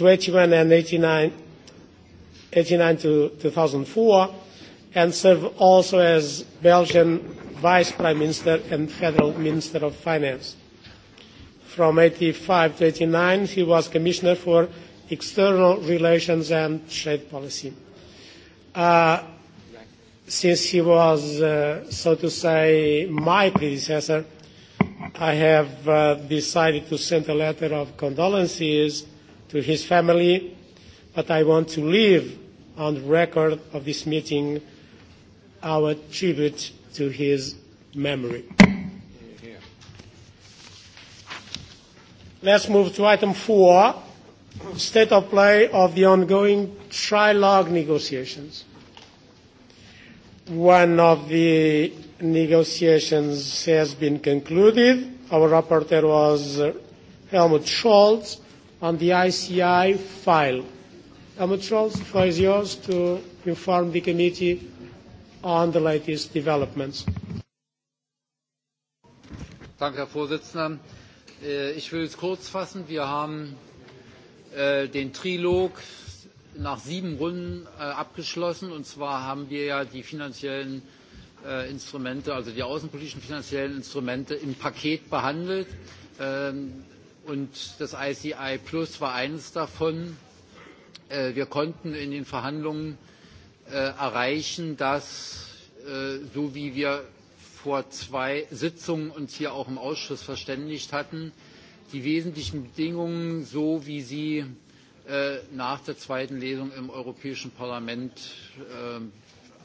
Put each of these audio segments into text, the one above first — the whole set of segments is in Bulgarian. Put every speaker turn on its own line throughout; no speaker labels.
to and 89, to 2004, and served also as Belgian Vice Prime Minister and Federal Minister of Finance. From 85 to 89, he was Commissioner for External Relations and Trade Policy. Uh, since he was, uh, so to say, my predecessor, I have uh, decided to send a letter of condolences to his family, but I want to leave on the record of this meeting our tribute to his memory. Let's move to item four, state of play of the ongoing trilogue negotiations. One of the negotiations has been concluded. Our rapporteur was Helmut Scholz on the ICI file. Amatros, the floor is yours to inform the committee on the latest developments.
Danke, Herr Vorsitzender. Ich will es kurz fassen. Wir haben den Trilog nach sieben Runden abgeschlossen. Und zwar haben wir ja die finanziellen Instrumente, also die außenpolitischen finanziellen Instrumente im Paket behandelt und das ICI Plus war eines davon. wir konnten in den Verhandlungen erreichen, dass, so wie wir vor zwei Sitzungen uns hier auch im Ausschuss verständigt hatten, die wesentlichen Bedingungen, so wie sie nach der zweiten Lesung im Europäischen Parlament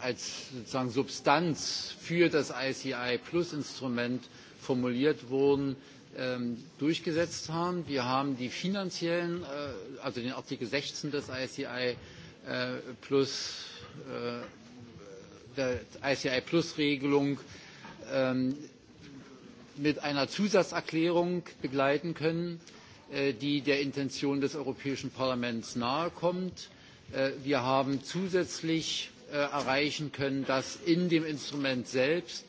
als sozusagen Substanz für das ICI Plus Instrument formuliert wurden, durchgesetzt haben. Wir haben die finanziellen, also den Artikel 16 des ICI plus der ICI Plus Regelung mit einer Zusatzerklärung begleiten können, die der Intention des Europäischen Parlaments nahe kommt. Wir haben zusätzlich erreichen können, dass in dem Instrument selbst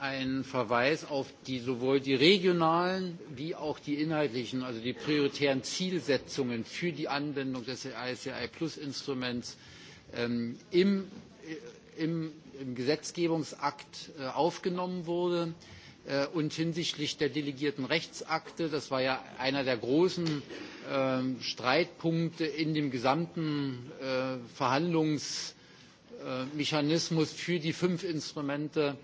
ein Verweis auf die sowohl die regionalen wie auch die inhaltlichen, also die prioritären Zielsetzungen für die Anwendung des ICI Plus Instruments im, Gesetzgebungsakt aufgenommen wurde und hinsichtlich der delegierten Rechtsakte. Das war ja einer der großen Streitpunkte in dem gesamten Verhandlungsmechanismus für die fünf Instrumente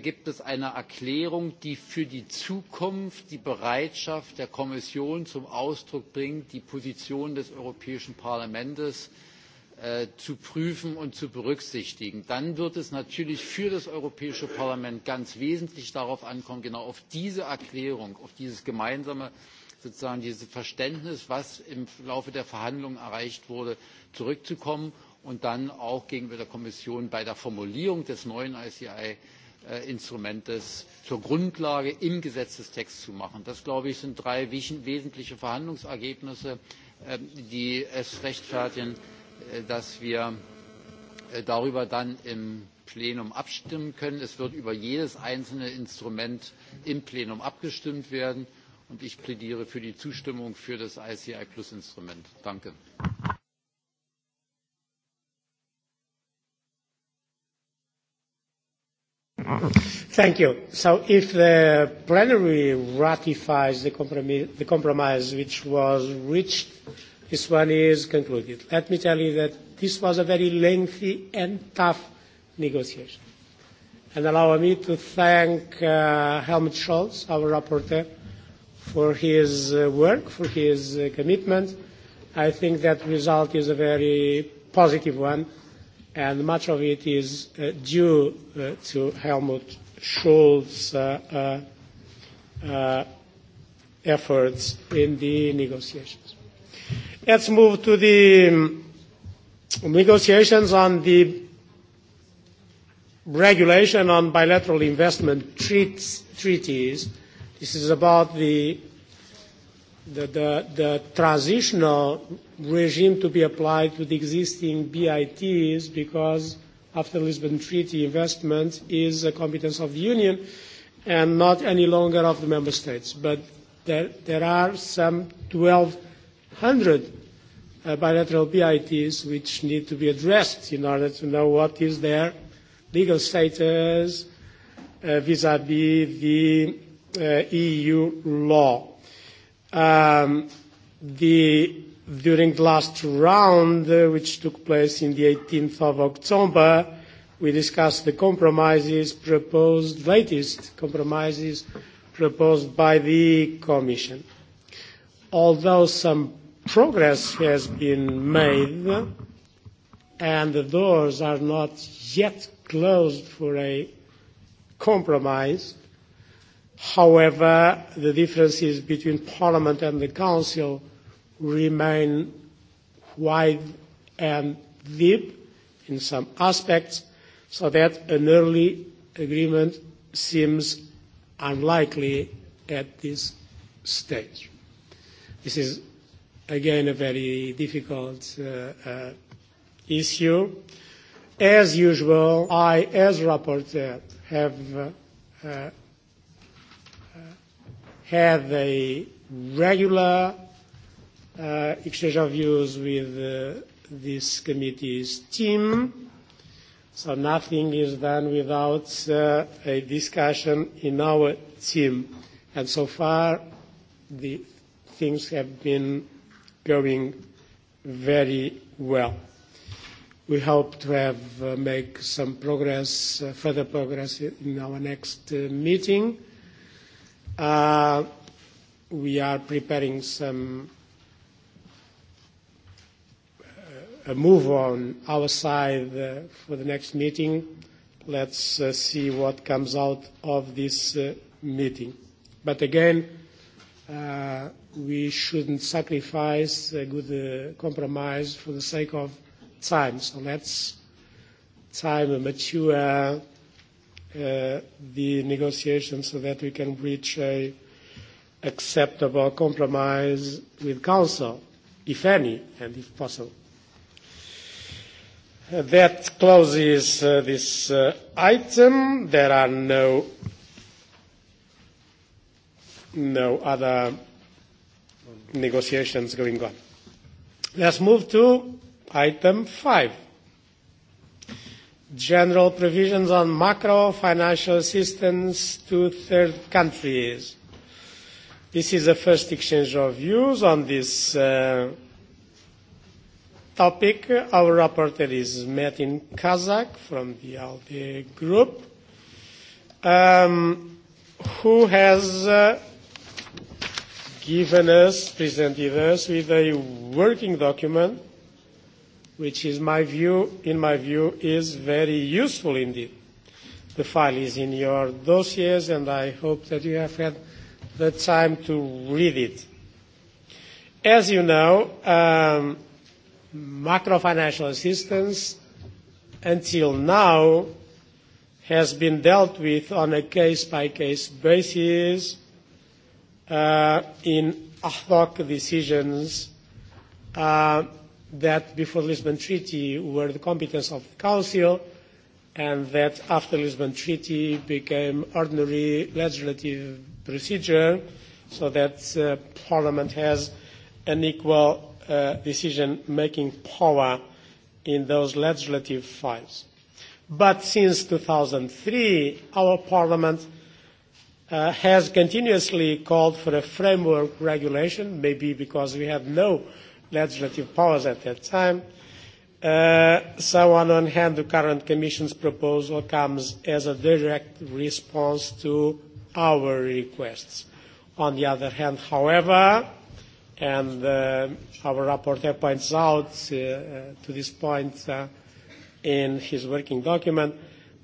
gibt es eine erklärung die für die zukunft die bereitschaft der kommission zum ausdruck bringt die position des europäischen parlaments zu prüfen und zu berücksichtigen. dann wird es natürlich für das europäische parlament ganz wesentlich darauf ankommen genau auf diese erklärung auf dieses gemeinsame verständnis was im laufe der verhandlungen erreicht wurde zurückzukommen und dann auch gegenüber der kommission bei der formulierung des neuen ici instrumentes zur grundlage im gesetzestext zu machen. das sind drei wesentliche verhandlungsergebnisse die es rechtfertigen dass wir darüber dann im plenum abstimmen können. es wird über jedes einzelne instrument im plenum abgestimmt werden und ich plädiere für die zustimmung zum ici plus instrument. danke!
Thank you. So if the plenary ratifies the compromise, the compromise which was reached, this one is concluded. Let me tell you that this was a very lengthy and tough negotiation. And allow me to thank uh, Helmut Scholz, our rapporteur, for his uh, work, for his uh, commitment. I think that result is a very positive one and much of it is uh, due uh, to Helmut Schulz's uh, uh, efforts in the negotiations. Let's move to the negotiations on the regulation on bilateral investment treats, treaties. This is about the the, the, the transitional regime to be applied to the existing BITs because after the Lisbon Treaty, investment is a competence of the Union and not any longer of the Member States. But there, there are some 1,200 uh, bilateral BITs which need to be addressed in order to know what is their legal status vis-à-vis the uh, EU law Um, the, during the last round, uh, which took place in the 18th of October, we discussed the compromises proposed, latest compromises proposed by the Commission. Although some progress has been made and the doors are not yet closed for a compromise, However, the differences between Parliament and the Council remain wide and deep in some aspects, so that an early agreement seems unlikely at this stage. This is, again, a very difficult uh, uh, issue. As usual, I, as rapporteur, have uh, uh, have a regular uh, exchange of views with uh, this committee's team. So nothing is done without uh, a discussion in our team. And so far, the things have been going very well. We hope to have uh, make some progress, uh, further progress in our next uh, meeting Uh, we are preparing some a move on our side uh, for the next meeting. Let's uh, see what comes out of this uh, meeting. But again, uh, we shouldn't sacrifice a good uh, compromise for the sake of time. So let's time a mature the negotiations so that we can reach a acceptable compromise with Council, if any, and if possible. That closes uh, this uh, item. There are no no other negotiations going on. Let's move to item five general provisions on macro financial assistance to third countries. This is the first exchange of views on this uh, topic. Our rapporteur is Metin Kazak from the ALDE group, um, who has uh, given us, presented us with a working document which is my view, in my view, is very useful indeed. The file is in your dossiers, and I hope that you have had the time to read it. As you know, um, macrofinancial assistance until now has been dealt with on a case-by-case basis uh, in ad hoc decisions uh, that before the Lisbon Treaty were the competence of the Council, and that after the Lisbon Treaty became ordinary legislative procedure, so that Parliament has an equal decision-making power in those legislative files. But since two thousand three our Parliament has continuously called for a framework regulation, maybe because we have no legislative powers at that time. Uh, so on one hand, the current Commission's proposal comes as a direct response to our requests. On the other hand, however, and uh, our rapporteur points out uh, to this point uh, in his working document,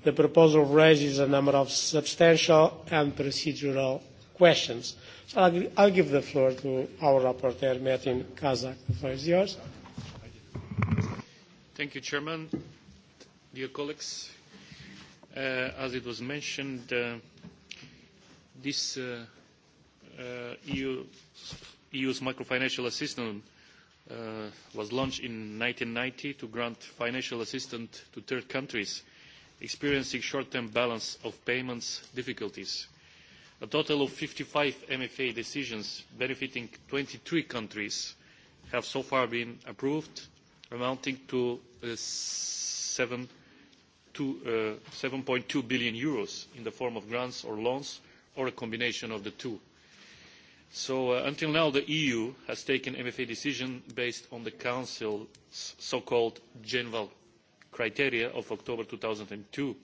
the proposal raises a number of substantial and procedural questions. So I'll, I'll give the floor to our rapporteur, Metin Kazak. The floor is yours.
Thank you, Chairman. Dear colleagues, uh, as it was mentioned, uh, this uh, uh, EU, EU's microfinancial assistance uh, was launched in 1990 to grant financial assistance to third countries experiencing short-term balance of payments difficulties a total of fifty five mfa decisions benefiting twenty three countries have so far been approved amounting to eur. seven two billion in the form of grants or loans or a combination of the two. so until now the eu has taken mfa decisions based on the council's so called general criteria of october two thousand and two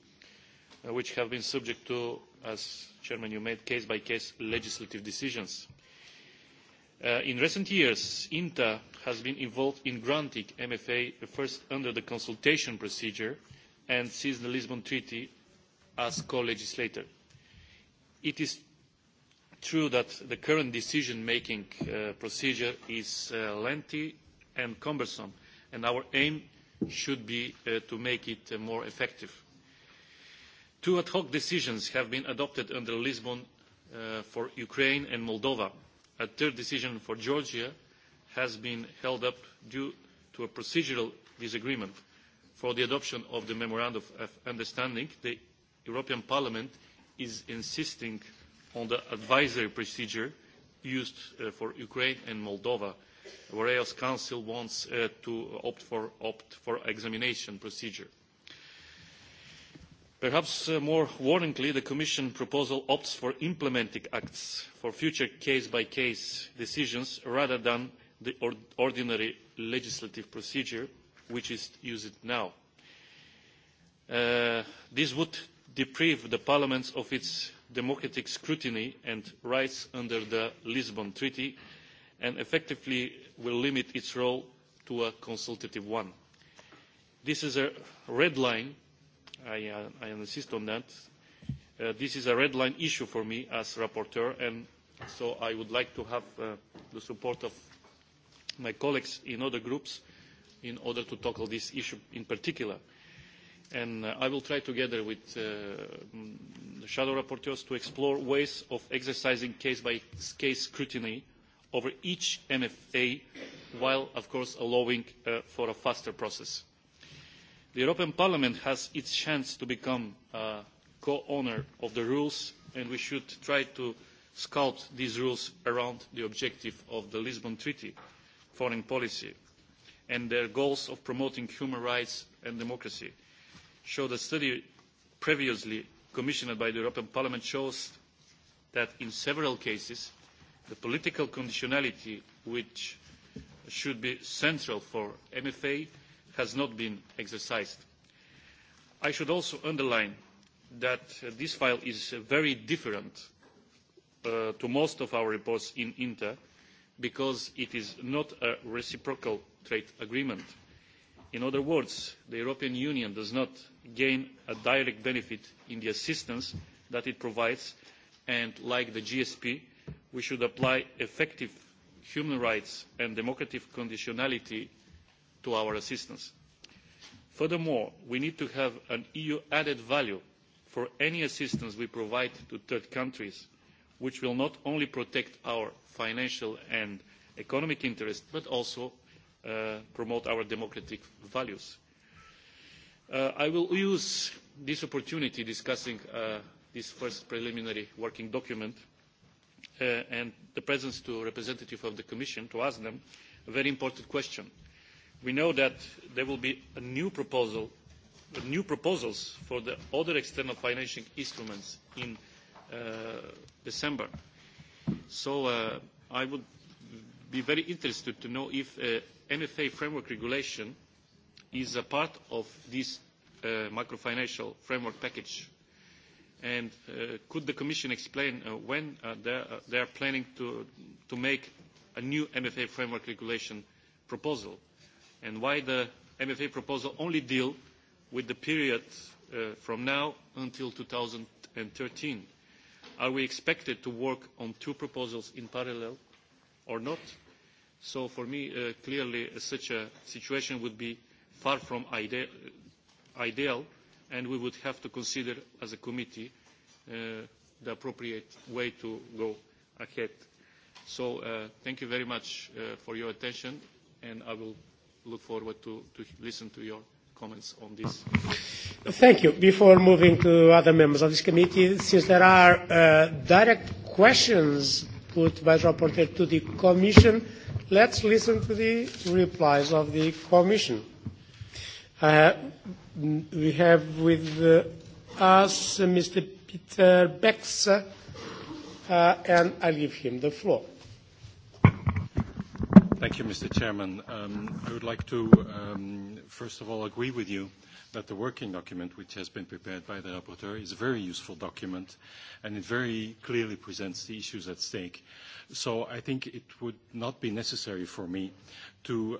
which have been subject to, as Chairman, you made, case-by-case legislative decisions. in recent years, INTA has been involved in granting MFA first under the consultation procedure and since the Lisbon Treaty as co-legislator. It is true that the current decision-making procedure is lengthy and cumbersome, and our aim should be to make it more effective Two ad hoc decisions have been adopted under Lisbon for Ukraine and Moldova. A third decision for Georgia has been held up due to a procedural disagreement. For the adoption of the Memorandum of Understanding, the European Parliament is insisting on the advisory procedure used for Ukraine and Moldova, whereas Council wants to opt for opt-for examination procedure Perhaps more warningly, the Commission proposal opts for implementing acts for future case-by-case decisions rather than the ordinary legislative procedure which is used now. this would deprive the Parliament of its democratic scrutiny and rights under the Lisbon Treaty and effectively will limit its role to a consultative one. This is a red line I, I insist on that. Uh, this is a red line issue for me as rapporteur, and so I would like to have uh, the support of my colleagues in other groups in order to tackle this issue in particular. And I will try together with the shadow rapporteurs to explore ways of exercising case-by-case scrutiny over each MFA while, of course, allowing for a faster process the european parliament has its chance to become a co owner of the rules and we should try to sculpt these rules around the objective of the lisbon treaty foreign policy and their goals of promoting human rights and democracy. the study previously commissioned by the european parliament shows that in several cases the political conditionality which should be central for mfa has not been exercised. I should also underline that this file is very different to most of our reports in INTA because it is not a reciprocal trade agreement. In other words, the European Union does not gain a direct benefit in the assistance that it provides and like the GSP, we should apply effective human rights and democratic conditionality to our assistance. Furthermore, we need to have an EU added value for any assistance we provide to third countries, which will not only protect our financial and economic interests, but also promote our democratic values. I will use this opportunity discussing this first preliminary working document and the presence the representative of the Commission to ask them a very important question we know that there will be a new proposal, new proposals for the other external financing instruments in December. So I would be very interested to know if uh, MFA framework regulation is a part of this macrofinancial framework package. And could the Commission explain when they are planning to, to make a new MFA framework regulation proposal? and why the MFA proposal only deal with the period from now until thirteen. Are we expected to work on two proposals in parallel or not? So for me, clearly, such a situation would be far from ideal, and we would have to consider as a committee the appropriate way to go ahead. So thank you very much for your attention, and I will look forward to, to listen to your comments on this.
Thank you. Before moving to other members of this committee, since there are uh, direct questions put by the rapporteur to the Commission, let's listen to the replies of the Commission. Uh, we have with us Mr. Peter Bex, uh, and I'll give him the floor.
Thank you, Mr. Chairman. I would like to, first of all, agree with you that the working document, which has been prepared by the rapporteur, is a very useful document, and it very clearly presents the issues at stake. So I think it would not be necessary for me to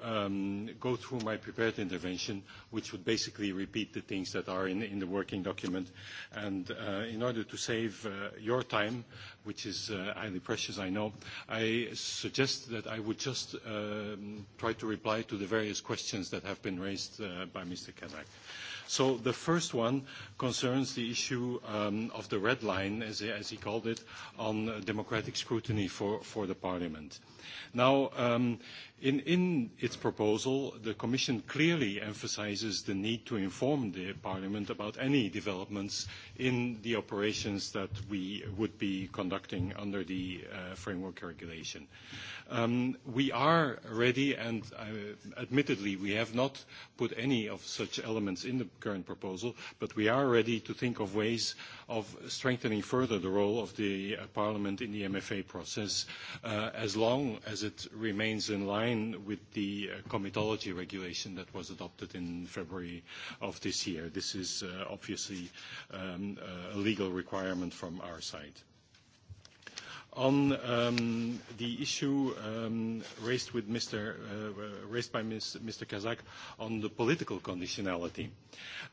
go through my prepared intervention, which would basically repeat the things that are in the working document. And in order to save your time, which is highly precious, I know, I suggest that I would just try to reply to the various questions that have been raised by Mr. Kazak. So the first one concerns the issue of the red line, as he called it, on democratic scrutiny for the parliament. Now, In its proposal, the Commission clearly emphasises the need to inform the Parliament about any developments in the operations that we would be conducting under the framework regulation. We are ready, and admittedly, we have not put any of such elements in the current proposal, but we are ready to think of ways of strengthening further the role of the Parliament in the MFA process, as long as it remains in line line with the comitology regulation that was adopted in February of this year. This is obviously a legal requirement from our side. On the issue raised by Mr. Kazak on the political conditionality.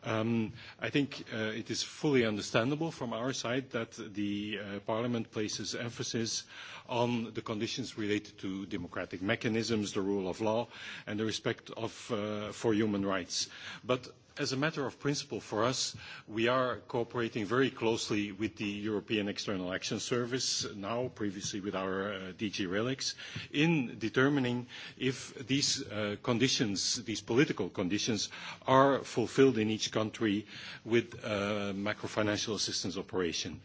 I think it is fully understandable from our side that the parliament places emphasis on the conditions related to democratic mechanisms, the rule of law, and the respect for human rights. But as a matter of principle for us, we are cooperating very closely with the European External Action Service now, previously with our DG RELX, in determining if these conditions, these political conditions, are fulfilled in each country with macrofinancial assistance operation.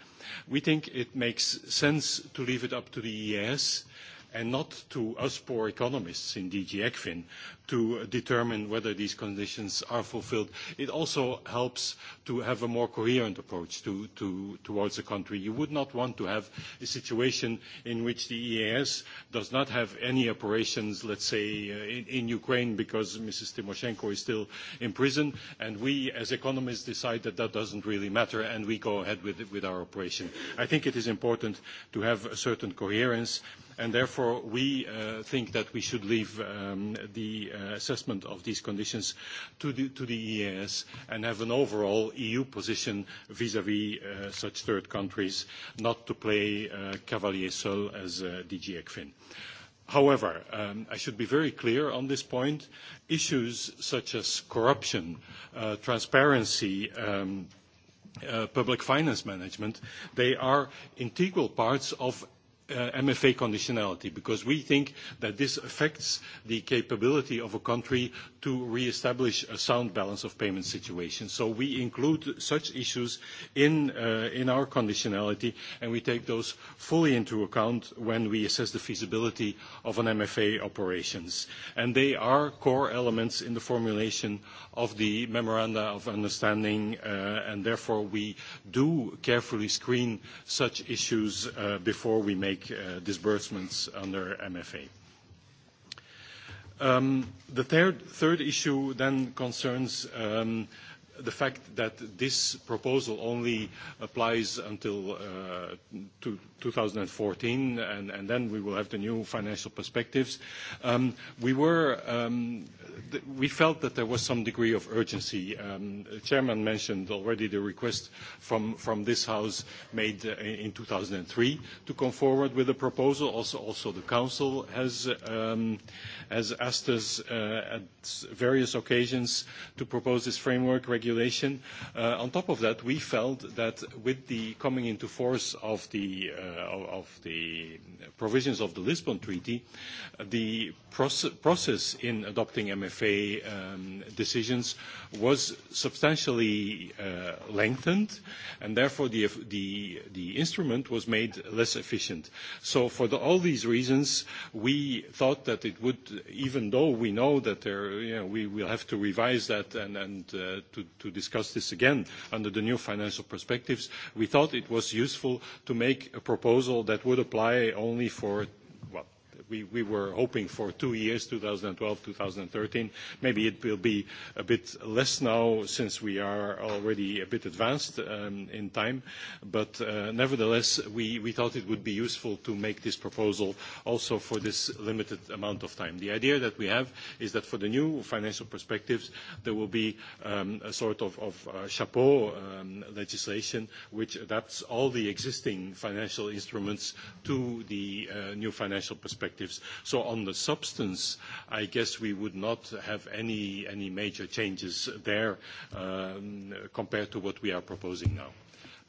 We think it makes sense to leave it up to the EAS and not to us poor economists in DG ECFIN to determine whether these conditions are fulfilled. It also helps to have a more coherent approach towards the country. You would not want to have a situation in which the EAS does not have any operations, let's say, in Ukraine because Mrs. Tymoshenko is still in prison, and we as economists decide that that doesn't really matter, and we go ahead with our operation. I think it is important to have a certain coherence, and therefore we think that we should leave the assessment of these conditions to the EEAS and have an overall EU position vis-à-vis such third countries, not to play cavalier seul as DG ECFIN. However, I should be very clear on this point. Issues such as corruption, transparency, public finance management, they are integral parts of MFA conditionality because we think that this affects the capability of a country to re-establish a sound balance of payment situation. So we include such issues in our conditionality, and we take those fully into account when we assess the feasibility of an MFA operations. And they are core elements in the formulation of the memoranda of understanding, and therefore we do carefully screen such issues before we make make disbursements under MFA. The third issue then concerns the fact that this proposal only applies until 2014, and and then we will have the new financial perspectives. We were, we felt that there was some degree of urgency. The chairman mentioned already the request from this house made in 2003 to come forward with a proposal. Also, the council has asked us at various occasions to propose this framework regulation regulation. on top of that, we felt that with the coming into force of the, provisions of the Lisbon Treaty, the process in adopting MFA decisions was substantially lengthened, and therefore the, the instrument was made less efficient. So for all these reasons, we thought that it would, even though we know that there, you know, we will have to revise that and, and uh, to to discuss this again under the new financial perspectives, we thought it was useful to make a proposal that would apply only for, well, we we were hoping for two years, 2012, 2013. Maybe it will be a bit less now since we are already a bit advanced in time. But nevertheless, we we thought it would be useful to make this proposal also for this limited amount of time. The idea that we have is that for the new financial perspectives, there will be a sort of chapeau legislation which adapts all the existing financial instruments to the new financial perspective perspectives. So on the substance, I guess we would not have any any major changes there compared to what we are proposing now.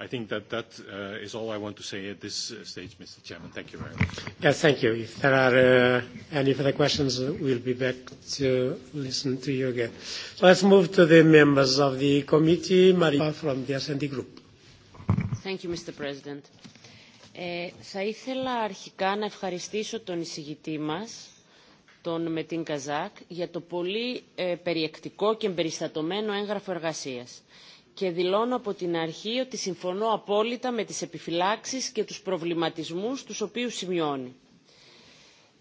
I think that that is all I want to say at this stage, Mr. Chairman. Thank you very much.
Yes, thank you. If there are any further questions, we'll be back to listen to you again. Let's move to the members of the committee. Maria from the S&D Group.
Thank you, Mr. President θα ήθελα αρχικά να ευχαριστήσω τον εισηγητή μας, τον Μετίν Καζάκ, για το πολύ περιεκτικό και εμπεριστατωμένο έγγραφο εργασίας και δηλώνω από την αρχή ότι συμφωνώ απόλυτα με τις επιφυλάξεις και τους προβληματισμούς τους οποίους σημειώνει.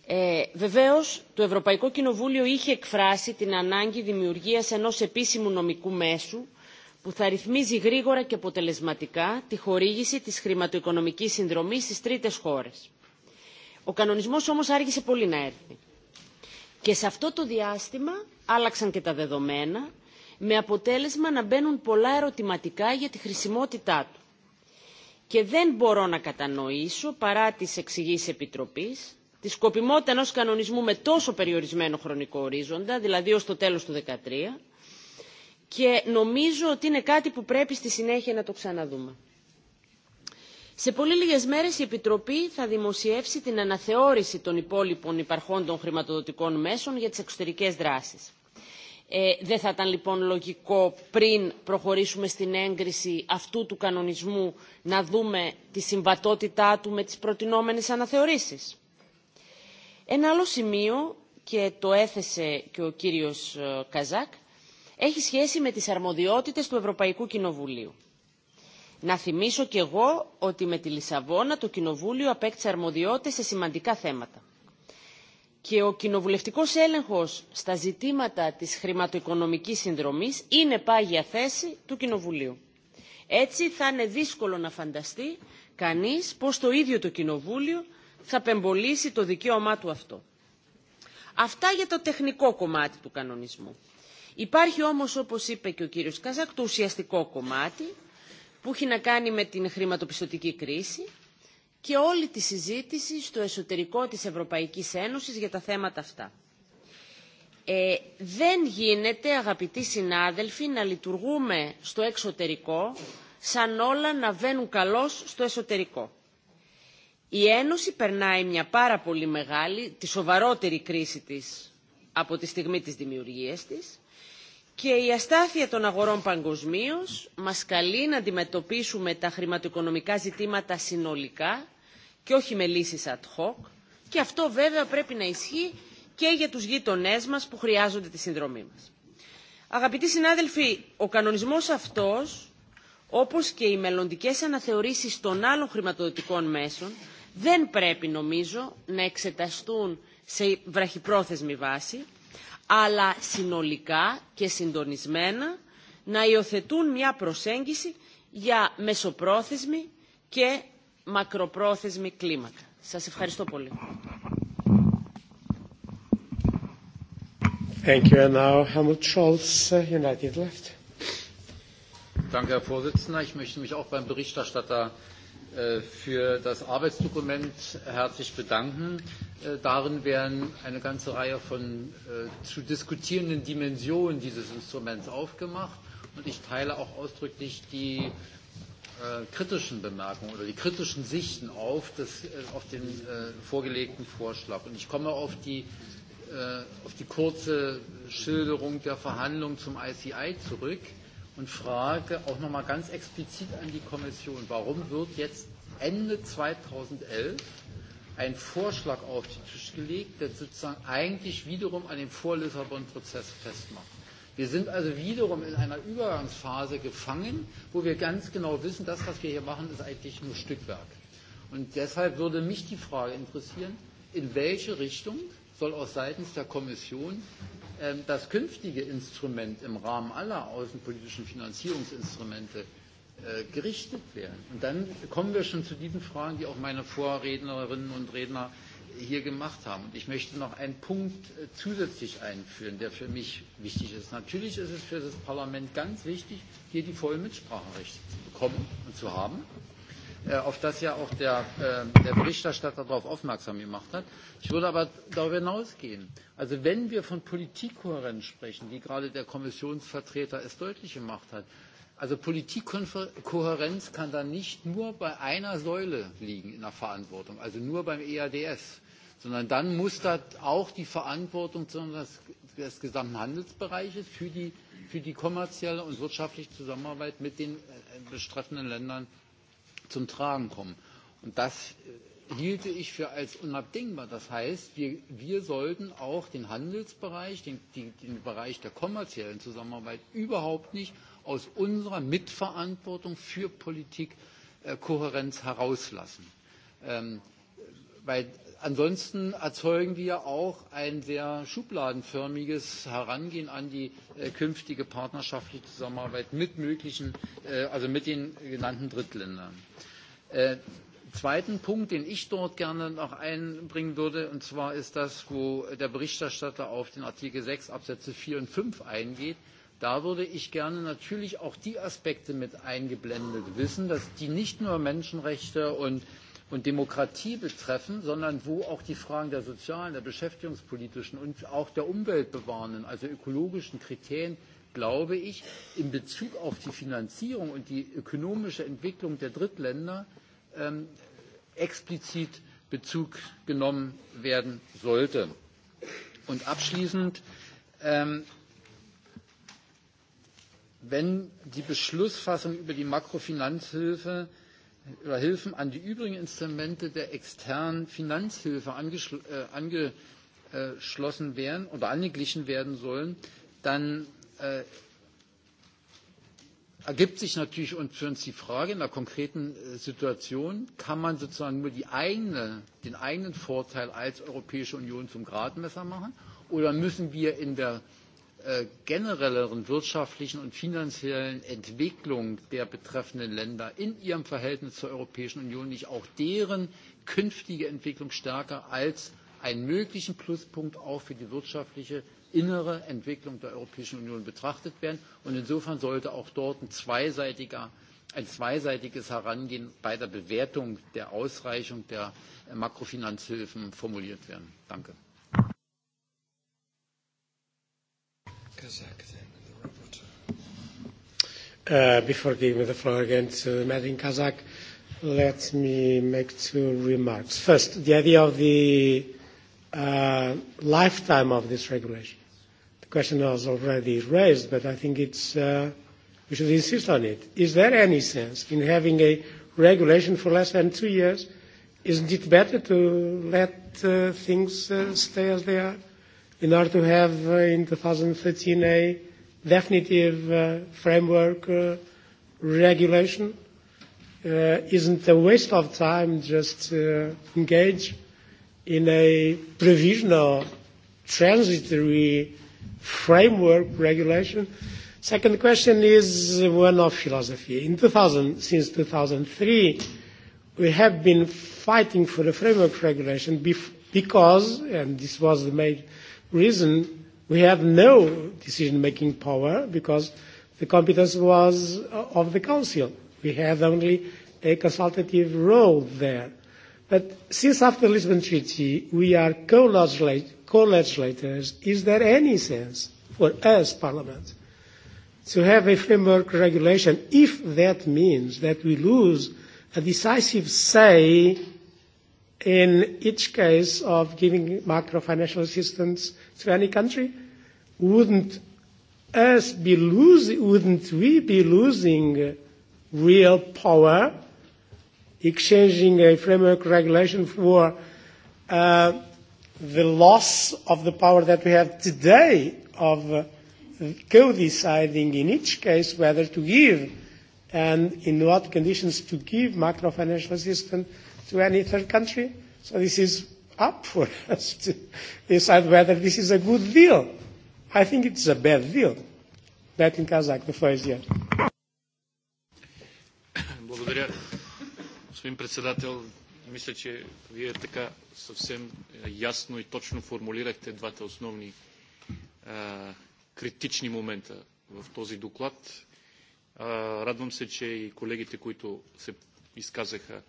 Ε, βεβαίως, το Ευρωπαϊκό Κοινοβούλιο είχε εκφράσει την ανάγκη δημιουργίας ενός επίσημου νομικού μέσου που θα ρυθμίζει γρήγορα και αποτελεσματικά τη χορήγηση της χρηματοοικονομικής συνδρομής στις τρίτες χώρες. Ο κανονισμός όμως άργησε πολύ να έρθει. Και σε αυτό το διάστημα άλλαξαν και τα δεδομένα, με αποτέλεσμα να μπαίνουν πολλά ερωτηματικά για τη χρησιμότητά του. Και δεν μπορώ να κατανοήσω, παρά τις εξηγήσεις Επιτροπής, τη σκοπιμότητα ενός κανονισμού με τόσο περιορισμένο χρονικό ορίζοντα, δηλαδή ως το τέλος του 2013, και νομίζω ότι είναι κάτι που πρέπει στη συνέχεια να το ξαναδούμε. Σε πολύ λίγες μέρες η Επιτροπή θα δημοσιεύσει την αναθεώρηση των υπόλοιπων υπαρχόντων χρηματοδοτικών μέσων για τις εξωτερικές δράσεις. Ε, δεν θα ήταν λοιπόν λογικό πριν προχωρήσουμε στην έγκριση αυτού του κανονισμού να δούμε τη συμβατότητά του με τις προτινόμενες αναθεωρήσεις. Ένα άλλο σημείο, και το έθεσε και ο κύριος Καζάκ, έχει σχέση με τις αρμοδιότητες του Ευρωπαϊκού Κοινοβουλίου. Να θυμίσω κι εγώ ότι με τη Λισαβόνα το Κοινοβούλιο απέκτησε αρμοδιότητες σε σημαντικά θέματα. Και ο κοινοβουλευτικός έλεγχος στα ζητήματα της χρηματοοικονομικής συνδρομής είναι πάγια θέση του Κοινοβουλίου. Έτσι θα είναι δύσκολο να φανταστεί κανείς πως το ίδιο το Κοινοβούλιο θα πεμπολίσει το δικαίωμά του αυτό. Αυτά για το τεχνικό κομμάτι του κανονισμού. Υπάρχει όμως, όπως είπε και ο κύριος Καζάκ, το ουσιαστικό κομμάτι που έχει να κάνει με την χρηματοπιστωτική κρίση και όλη τη συζήτηση στο εσωτερικό της Ευρωπαϊκής Ένωσης για τα θέματα αυτά. Ε, δεν γίνεται, αγαπητοί συνάδελφοι, να λειτουργούμε στο εξωτερικό σαν όλα να βαίνουν καλώς στο εσωτερικό. Η Ένωση περνάει μια πάρα πολύ μεγάλη, τη σοβαρότερη κρίση της από τη στιγμή της δημιουργίας της Και η αστάθεια των αγορών παγκοσμίω μας καλεί να αντιμετωπίσουμε τα χρηματοοικονομικά ζητήματα συνολικά και όχι με λύσεις ad hoc. Και αυτό βέβαια πρέπει να ισχύει και για τους γείτονές μας που χρειάζονται τη συνδρομή μας. Αγαπητοί συνάδελφοι, ο κανονισμός αυτός, όπως και οι μελλοντικές αναθεωρήσεις των άλλων χρηματοδοτικών μέσων, δεν πρέπει νομίζω να εξεταστούν σε βραχυπρόθεσμη βάση, αλλά συνολικά και συντονισμένα να υιοθετούν μια προσέγγιση για μεσοπρόθεσμη και μακροπρόθεσμη κλίμακα. Σας ευχαριστώ πολύ.
Thank you. And now Helmut Scholz, United Left.
Danke, Herr Vorsitzender. Ich möchte mich auch beim Berichterstatter für das Arbeitsdokument herzlich bedanken. Darin werden eine ganze Reihe von zu diskutierenden Dimensionen dieses Instruments aufgemacht. Und ich teile auch ausdrücklich die kritischen Bemerkungen oder die kritischen Sichten auf, den vorgelegten Vorschlag. Und ich komme auf die, kurze Schilderung der Verhandlungen zum ICI zurück und frage auch noch mal ganz explizit an die Kommission, warum wird jetzt Ende 2011 ein Vorschlag auf den Tisch gelegt, der sozusagen eigentlich wiederum an dem Vor-Lissabon-Prozess festmacht? Wir sind also wiederum in einer Übergangsphase gefangen, wo wir ganz genau wissen, das, was wir hier machen, ist eigentlich nur Stückwerk. Und deshalb würde mich die Frage interessieren, in welche Richtung soll auch seitens der Kommission das künftige Instrument im Rahmen aller außenpolitischen Finanzierungsinstrumente gerichtet werden. Und dann kommen wir schon zu diesen Fragen, die auch meine Vorrednerinnen und Redner hier gemacht haben. Und ich möchte noch einen Punkt zusätzlich einführen, der für mich wichtig ist. Natürlich ist es für das Parlament ganz wichtig, hier die volle Mitspracherechte zu bekommen und zu haben auf das ja auch der, Berichterstatter darauf aufmerksam gemacht hat. Ich würde aber darüber hinausgehen. Also wenn wir von Politikkohärenz sprechen, wie gerade der Kommissionsvertreter es deutlich gemacht hat, also Politikkohärenz kann dann nicht nur bei einer Säule liegen in der Verantwortung, also nur beim EADS, sondern dann muss das auch die Verantwortung des gesamten Handelsbereiches für die, kommerzielle und wirtschaftliche Zusammenarbeit mit den betreffenden Ländern zum Tragen kommen. Und das hielte ich für als unabdingbar. Das heißt, wir, wir sollten auch den Handelsbereich, den, den Bereich der kommerziellen Zusammenarbeit überhaupt nicht aus unserer Mitverantwortung für Politikkohärenz herauslassen. Ähm, weil ansonsten erzeugen wir auch ein sehr schubladenförmiges Herangehen an die künftige partnerschaftliche Zusammenarbeit mit möglichen, also mit den genannten Drittländern. Zweiten Punkt, den ich dort gerne noch einbringen würde, und zwar ist das, wo der Berichterstatter auf den Artikel sechs Absätze vier und fünf eingeht. Da würde ich gerne natürlich auch die Aspekte mit eingeblendet wissen, dass die nicht nur Menschenrechte und und Demokratie betreffen, sondern wo auch die Fragen der sozialen, der beschäftigungspolitischen und auch der umweltbewahrenden, also ökologischen Kriterien, glaube ich, in Bezug auf die Finanzierung und die ökonomische Entwicklung der Drittländer explizit Bezug genommen werden sollte. Und abschließend, wenn die Beschlussfassung über die Makrofinanzhilfe oder Hilfen an die übrigen Instrumente der externen Finanzhilfe angeschlossen werden oder angeglichen werden sollen, dann ergibt sich natürlich für uns die Frage in der konkreten Situation, kann man sozusagen nur den eigenen Vorteil als Europäische Union zum Gradmesser machen oder müssen wir in der generelleren wirtschaftlichen und finanziellen Entwicklung der betreffenden Länder in ihrem Verhältnis zur Europäischen Union nicht auch deren künftige Entwicklung stärker als einen möglichen Pluspunkt auch für die wirtschaftliche innere Entwicklung der Europäischen Union betrachtet werden. Und insofern sollte auch dort ein zweiseitiges Herangehen bei der Bewertung der Ausreichung der Makrofinanzhilfen formuliert werden. Danke.
before giving the floor again to in Kazakh, let me make two remarks. First, the idea of the uh, lifetime of this regulation. The question was already raised, but I think it's, uh, we should insist on it. Is there any sense in having a regulation for less than two years? Isn't it better to let uh, things uh, stay as they are? in order to have uh, in 2013 a definitive uh, framework uh, regulation uh, isn't a waste of time just uh, engage in a provisional transitory framework regulation. Second question is one of philosophy. In 2000, since 2003, we have been fighting for the framework regulation bef- because, and this was the major reason, we have no decision-making power because the competence was of the Council. We have only a consultative role there. But since after the Lisbon Treaty, we are co-legislators. Is there any sense for us, Parliament, to have a framework regulation if that means that we lose a decisive say in each case of giving macro financial assistance to any country, wouldn't us be losing, wouldn't we be losing real power, exchanging a framework regulation for uh, the loss of the power that we have today of uh, co-deciding in each case whether to give and in what conditions to give macro financial assistance to any third country. So this is up for us to decide whether this is a good deal. I think it's a bad deal. That in Kazakh, the first year.
Благодаря, господин председател. Мисля, че вие така съвсем е, ясно и точно формулирахте двата основни а, е, критични момента в този доклад. А, е, радвам се, че и колегите, които се изказаха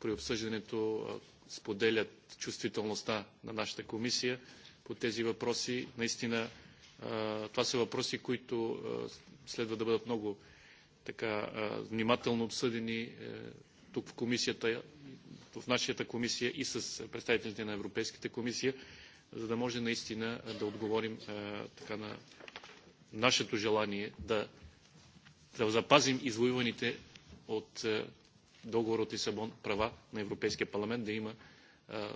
при обсъждането споделят чувствителността на нашата комисия по тези въпроси. Наистина това са въпроси, които следва да бъдат много така внимателно обсъдени е, тук в комисията, в нашата комисия и с представителите на Европейската комисия, за да може наистина да отговорим така на нашето желание да, да запазим извоюваните от е, договор от Лисабон права на Европейския парламент да има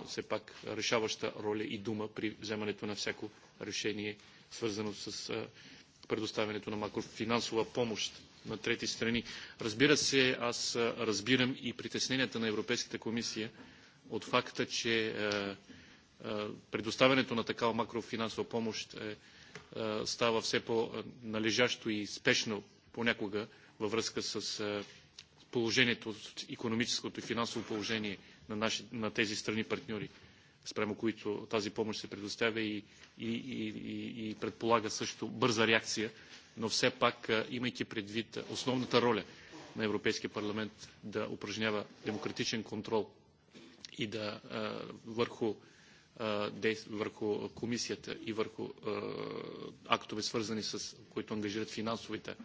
все пак решаваща роля и дума при вземането на всяко решение, свързано с предоставянето на макрофинансова помощ на трети страни. Разбира се, аз разбирам и притесненията на Европейската комисия от факта, че предоставянето на такава макрофинансова помощ е, става все по-належащо и спешно понякога във връзка с положението, економическото и финансово положение на, наши, на тези страни партньори, спрямо които тази помощ се предоставя и, и, и, и предполага също бърза реакция, но все пак, имайки предвид основната роля на Европейския парламент да упражнява демократичен контрол и да върху, върху комисията и върху актове, свързани с които ангажират финансовите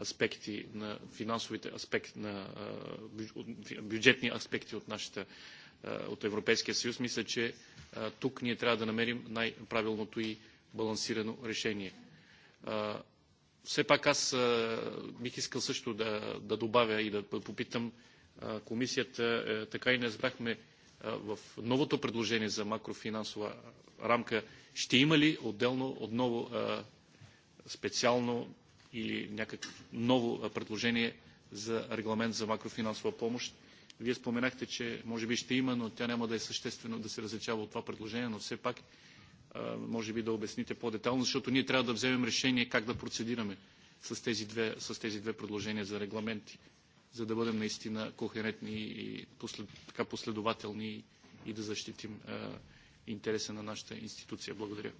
аспекти, на финансовите аспекти, на бюджетни аспекти от нашата от Европейския съюз, мисля, че тук ние трябва да намерим най-правилното и балансирано решение. Все пак аз бих искал също да, да добавя и да попитам комисията. Е, така и не разбрахме в новото предложение за макрофинансова рамка, ще има ли отделно, отново специално или някакво ново предложение за регламент за макрофинансова помощ. Вие споменахте, че може би ще има, но тя няма да е съществено да се различава от това предложение, но все пак може би да обясните по-детално, защото ние трябва да вземем решение как да процедираме с тези две, с тези две предложения за регламенти, за да бъдем наистина кохерентни и послед, така последователни и да защитим интереса на нашата институция. Благодаря.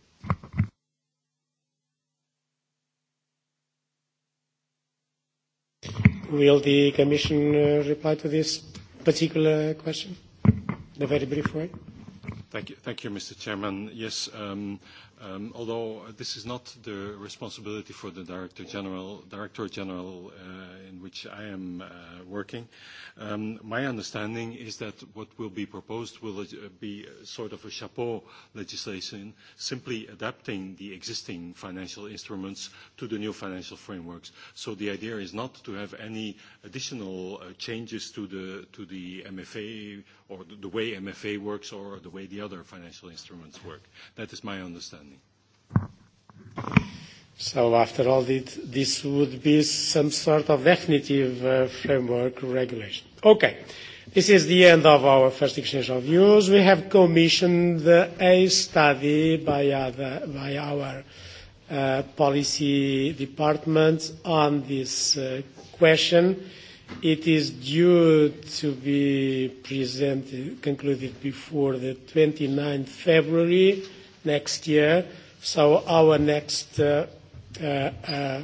Will the Commission uh, reply to this particular question in a very brief way?
Thank you, thank you Mr. Chairman. Yes, um, although this is not the responsibility for the Director General, Director General uh, in which I am uh, working, um, my understanding is that what will be proposed will be sort of a chapeau legislation, simply adapting the existing financial instruments to the new financial frameworks. So the idea is not to have any additional uh, changes to the, to the MFA or the way MFA works or the way the other financial instruments work. That is my understanding.
So after all, this would be some sort of definitive uh, framework regulation. Okay, this is the end of our first exchange of views. We have commissioned a study by, other, by our uh, policy department on this uh, question. It is due to be presented, concluded before the 29th February next year So our next uh, uh, uh,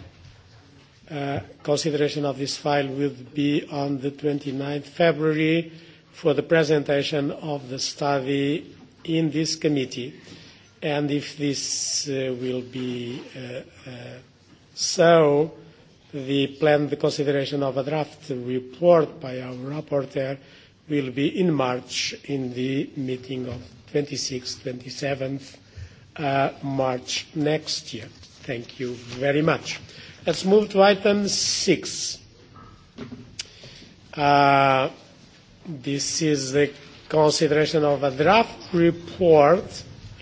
uh, consideration of this file will be on the 29th February for the presentation of the study in this committee. And if this uh, will be uh, uh, so, the plan, the consideration of a draft report by our rapporteur will be in March in the meeting of 26th, 27th uh, March next year. Thank you very much. Let's move to item six. Uh, this is the consideration of a draft report,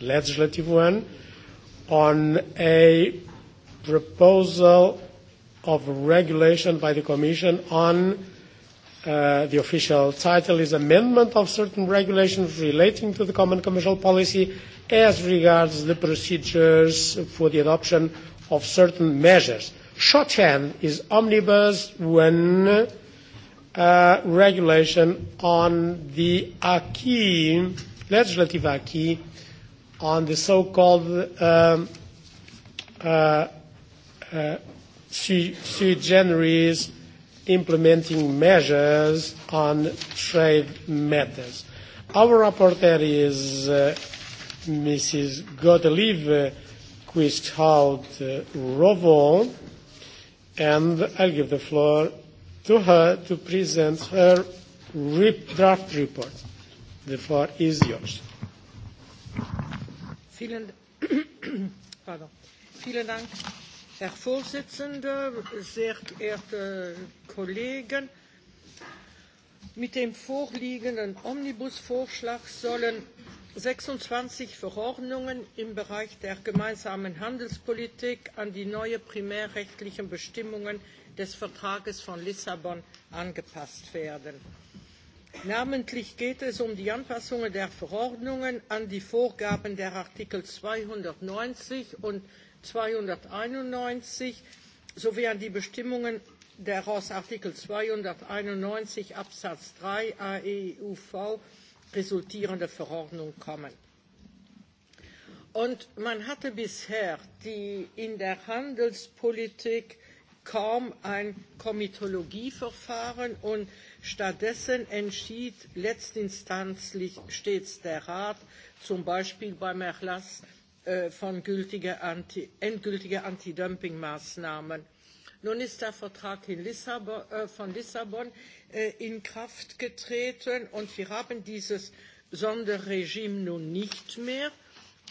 legislative one, on a proposal of regulation by the Commission on the official title is Amendment of Certain Regulations Relating to the Common Commercial Policy as regards the procedures for the adoption of certain measures. Shorthand is Omnibus 1 uh, regulation on the acquis, legislative acquis, on the so-called um, uh, uh, sui generis implementing measures on trade matters. Our rapporteur is uh, Mrs. Gottlieb Quisthout Rovol, and I'll give the floor to her to present her RIP draft report. The floor is yours.
Vielen Dank. Herr Vorsitzender, sehr geehrte Kollegen, mit dem vorliegenden Omnibusvorschlag sollen 26 Verordnungen im Bereich der gemeinsamen Handelspolitik an die neuen primärrechtlichen Bestimmungen des Vertrages von Lissabon angepasst werden. Namentlich geht es um die Anpassungen der Verordnungen an die Vorgaben der Artikel 290 und 291 sowie an die Bestimmungen daraus Artikel 291 Absatz 3 AEUV resultierende Verordnung kommen. Und man hatte bisher die in der Handelspolitik kaum ein Komitologieverfahren und stattdessen entschied letztinstanzlich stets der Rat, zum Beispiel beim Erlass von endgültigen Anti-Dumping-Maßnahmen. Nun ist der Vertrag von Lissabon in Kraft getreten und wir haben dieses Sonderregime nun nicht mehr.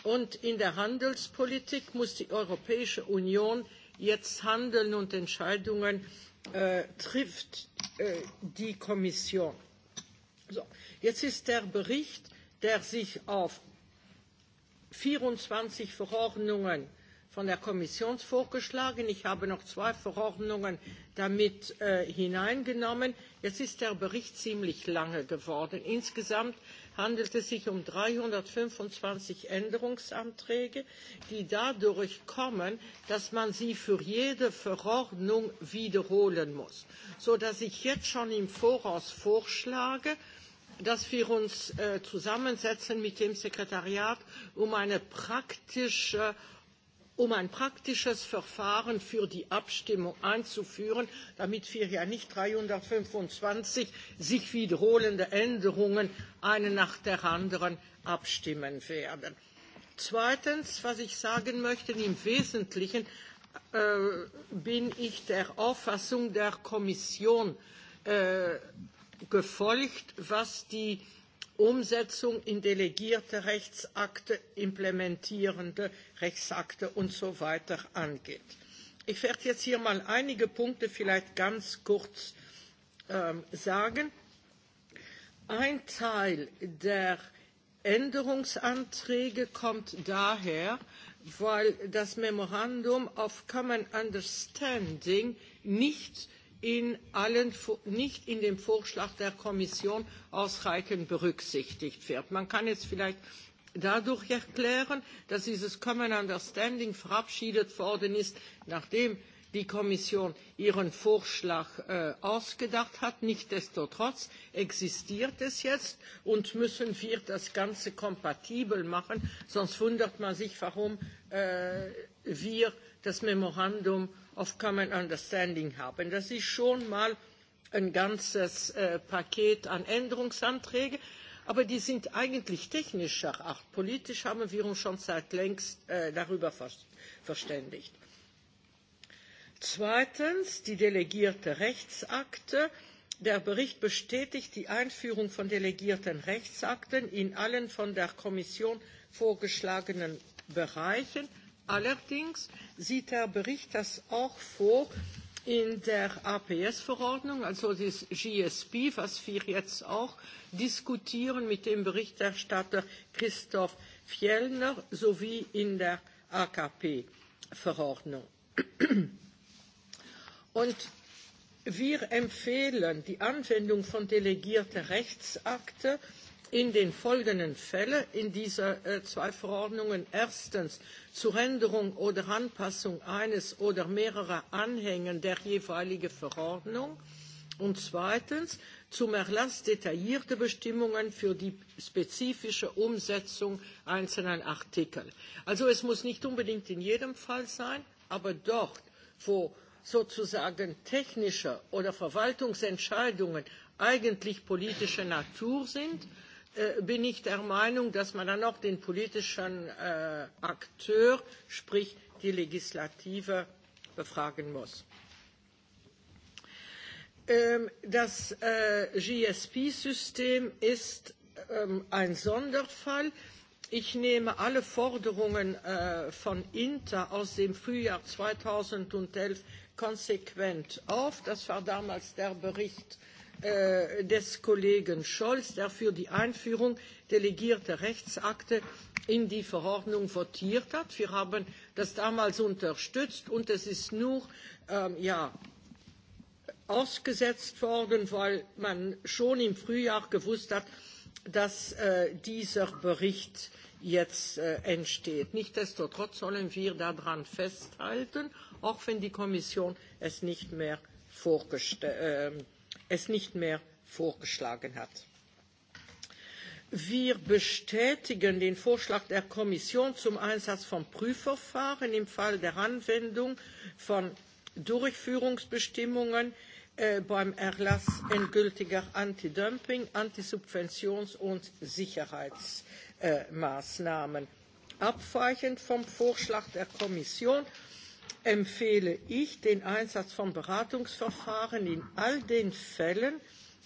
Und in der Handelspolitik muss die Europäische Union jetzt handeln und Entscheidungen trifft die Kommission. jetzt ist der Bericht, der sich auf vierundzwanzig Verordnungen von der Kommission vorgeschlagen. Ich habe noch zwei Verordnungen damit hineingenommen. Jetzt ist der Bericht ziemlich lange geworden. Insgesamt handelt es sich um 325 Änderungsanträge, die dadurch kommen, dass man sie für jede Verordnung wiederholen muss, sodass ich jetzt schon im Voraus vorschlage, dass wir uns zusammensetzen mit dem Sekretariat, um, eine praktische, um ein praktisches Verfahren für die Abstimmung einzuführen, damit wir ja nicht 325 sich wiederholende Änderungen eine nach der anderen abstimmen werden. Zweitens, was ich sagen möchte, im Wesentlichen bin ich der Auffassung der Kommission gefolgt, was die Umsetzung in delegierte Rechtsakte, implementierende Rechtsakte und so weiter angeht. Ich werde jetzt hier mal einige Punkte vielleicht ganz kurz sagen. Ein Teil der Änderungsanträge kommt daher, weil das Memorandum of Common Understanding nicht in allen, nicht in dem Vorschlag der Kommission ausreichend berücksichtigt wird. Man kann jetzt vielleicht dadurch erklären, dass dieses Common Understanding verabschiedet worden ist, nachdem die Kommission ihren Vorschlag ausgedacht hat. Nichtsdestotrotz existiert es jetzt und müssen wir das Ganze kompatibel machen, sonst wundert man sich, warum wir das Memorandum of Common Understanding haben. Das ist schon mal ein ganzes Paket an Änderungsanträgen, aber die sind eigentlich technischer Art. Politisch haben wir uns schon seit längst darüber verständigt. Zweitens die delegierte Rechtsakte. Der Bericht bestätigt die Einführung von delegierten Rechtsakten in allen von der Kommission vorgeschlagenen Bereichen Allerdings sieht der Bericht das auch vor in der APS-Verordnung, also das GSP, was wir jetzt auch diskutieren mit dem Berichterstatter Christoph Fjellner sowie in der AKP-Verordnung. Und wir empfehlen die Anwendung von delegierten Rechtsakten in den folgenden Fällen in dieser zwei Verordnungen erstens zur Änderung oder Anpassung eines oder mehrerer Anhängen der jeweiligen Verordnung und zweitens zum Erlass detaillierter Bestimmungen für die spezifische Umsetzung einzelner Artikel. Also es muss nicht unbedingt in jedem Fall sein, aber dort, wo sozusagen technische oder Verwaltungsentscheidungen eigentlich politischer Natur sind, bin ich der Meinung, dass man dann auch den politischen Akteur, sprich die Legislative, befragen muss. Das GSP-System ist ein Sonderfall. Ich nehme alle Forderungen von INTA aus dem Frühjahr 2011 konsequent auf. Das war damals der Bericht äh, des Kollegen Scholz, der für die Einführung delegierter Rechtsakte in die Verordnung votiert hat. Wir haben das damals unterstützt und es ist nur ausgesetzt worden, weil man schon im Frühjahr gewusst hat, dass dieser Bericht jetzt entsteht. Nichtsdestotrotz sollen wir daran festhalten, auch wenn die Kommission es nicht mehr vorgestellt es nicht mehr vorgeschlagen hat. Wir bestätigen den Vorschlag der Kommission zum Einsatz von Prüfverfahren im Fall der Anwendung von Durchführungsbestimmungen beim Erlass endgültiger Antidumping, Antisubventions- und Sicherheitsmaßnahmen. Abweichend vom Vorschlag der Kommission empfehle ich den Einsatz von Beratungsverfahren in all den Fällen,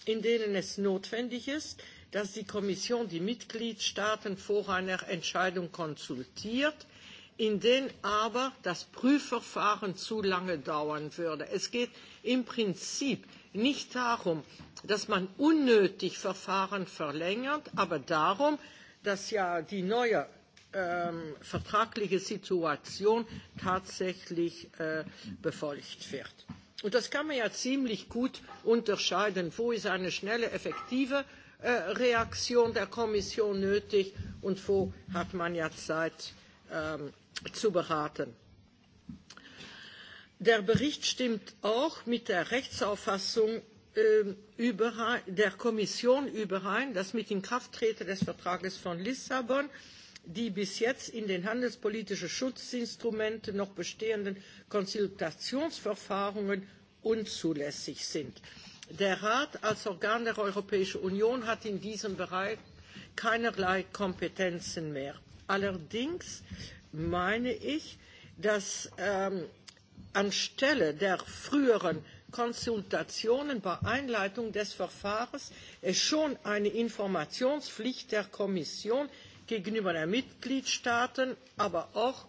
in denen es notwendig ist, dass die Kommission die Mitgliedstaaten vor einer Entscheidung konsultiert, in denen aber das Prüfverfahren zu lange dauern würde. Es geht im Prinzip nicht darum, dass man unnötig Verfahren verlängert, aber darum, dass ja die neue ähm, vertragliche Situation tatsächlich äh, befolgt wird. Und das kann man ja ziemlich gut unterscheiden. Wo ist eine schnelle, effektive äh, Reaktion der Kommission nötig und wo hat man ja Zeit ähm, zu beraten? Der Bericht stimmt auch mit der Rechtsauffassung der Kommission überein, dass mit Inkrafttreten des Vertrages von Lissabon die bis jetzt in den handelspolitischen Schutzinstrumenten noch bestehenden Konsultationsverfahren unzulässig sind. Der Rat als Organ der Europäischen Union hat in diesem Bereich keinerlei Kompetenzen mehr. Allerdings meine ich, dass anstelle der früheren Konsultationen bei Einleitung des Verfahrens schon eine Informationspflicht der Kommission gegenüber den Mitgliedstaaten, aber auch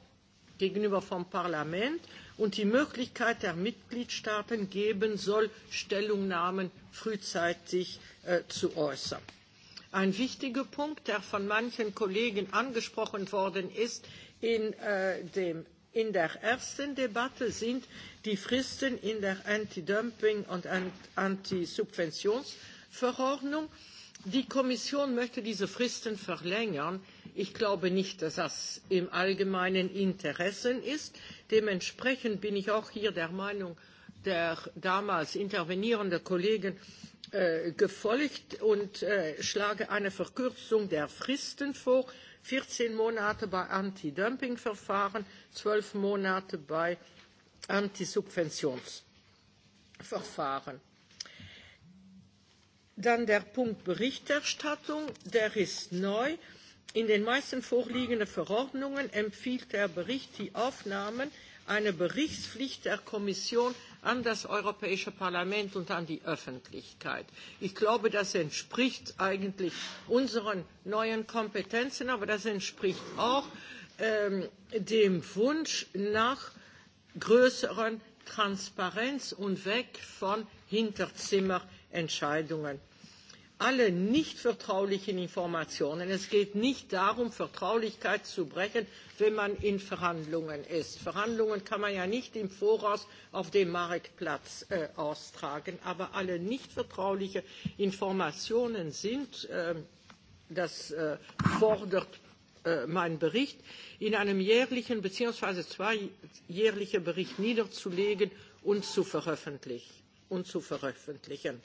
gegenüber dem Parlament und die Möglichkeit der Mitgliedstaaten geben soll, Stellungnahmen frühzeitig zu äußern. Ein wichtiger Punkt, der von manchen Kollegen angesprochen worden ist in, der ersten Debatte, sind die Fristen in der Anti-Dumping- und Anti-Subventionsverordnung. Anti Die Kommission möchte diese Fristen verlängern. Ich glaube nicht, dass das im allgemeinen Interesse ist. Dementsprechend bin ich auch hier der Meinung der damals intervenierenden Kollegen gefolgt und schlage eine Verkürzung der Fristen vor. vierzehn Monate bei Anti-Dumping-Verfahren, zwölf Monate bei Antisubventionsverfahren Dann der Punkt Berichterstattung, der ist neu. In den meisten vorliegenden Verordnungen empfiehlt der Bericht die Aufnahme einer Berichtspflicht der Kommission an das Europäische Parlament und an die Öffentlichkeit. Ich glaube, das entspricht eigentlich unseren neuen Kompetenzen, aber das entspricht auch dem Wunsch nach größeren Transparenz und weg von Hinterzimmer Entscheidungen. Alle nicht vertraulichen Informationen. Es geht nicht darum, Vertraulichkeit zu brechen, wenn man in Verhandlungen ist. Verhandlungen kann man ja nicht im Voraus auf dem Marktplatz austragen. Aber alle nicht vertraulichen Informationen sind, das fordert mein Bericht in einem jährlichen bzw. zweijährlichen Bericht niederzulegen und zu veröffentlichen.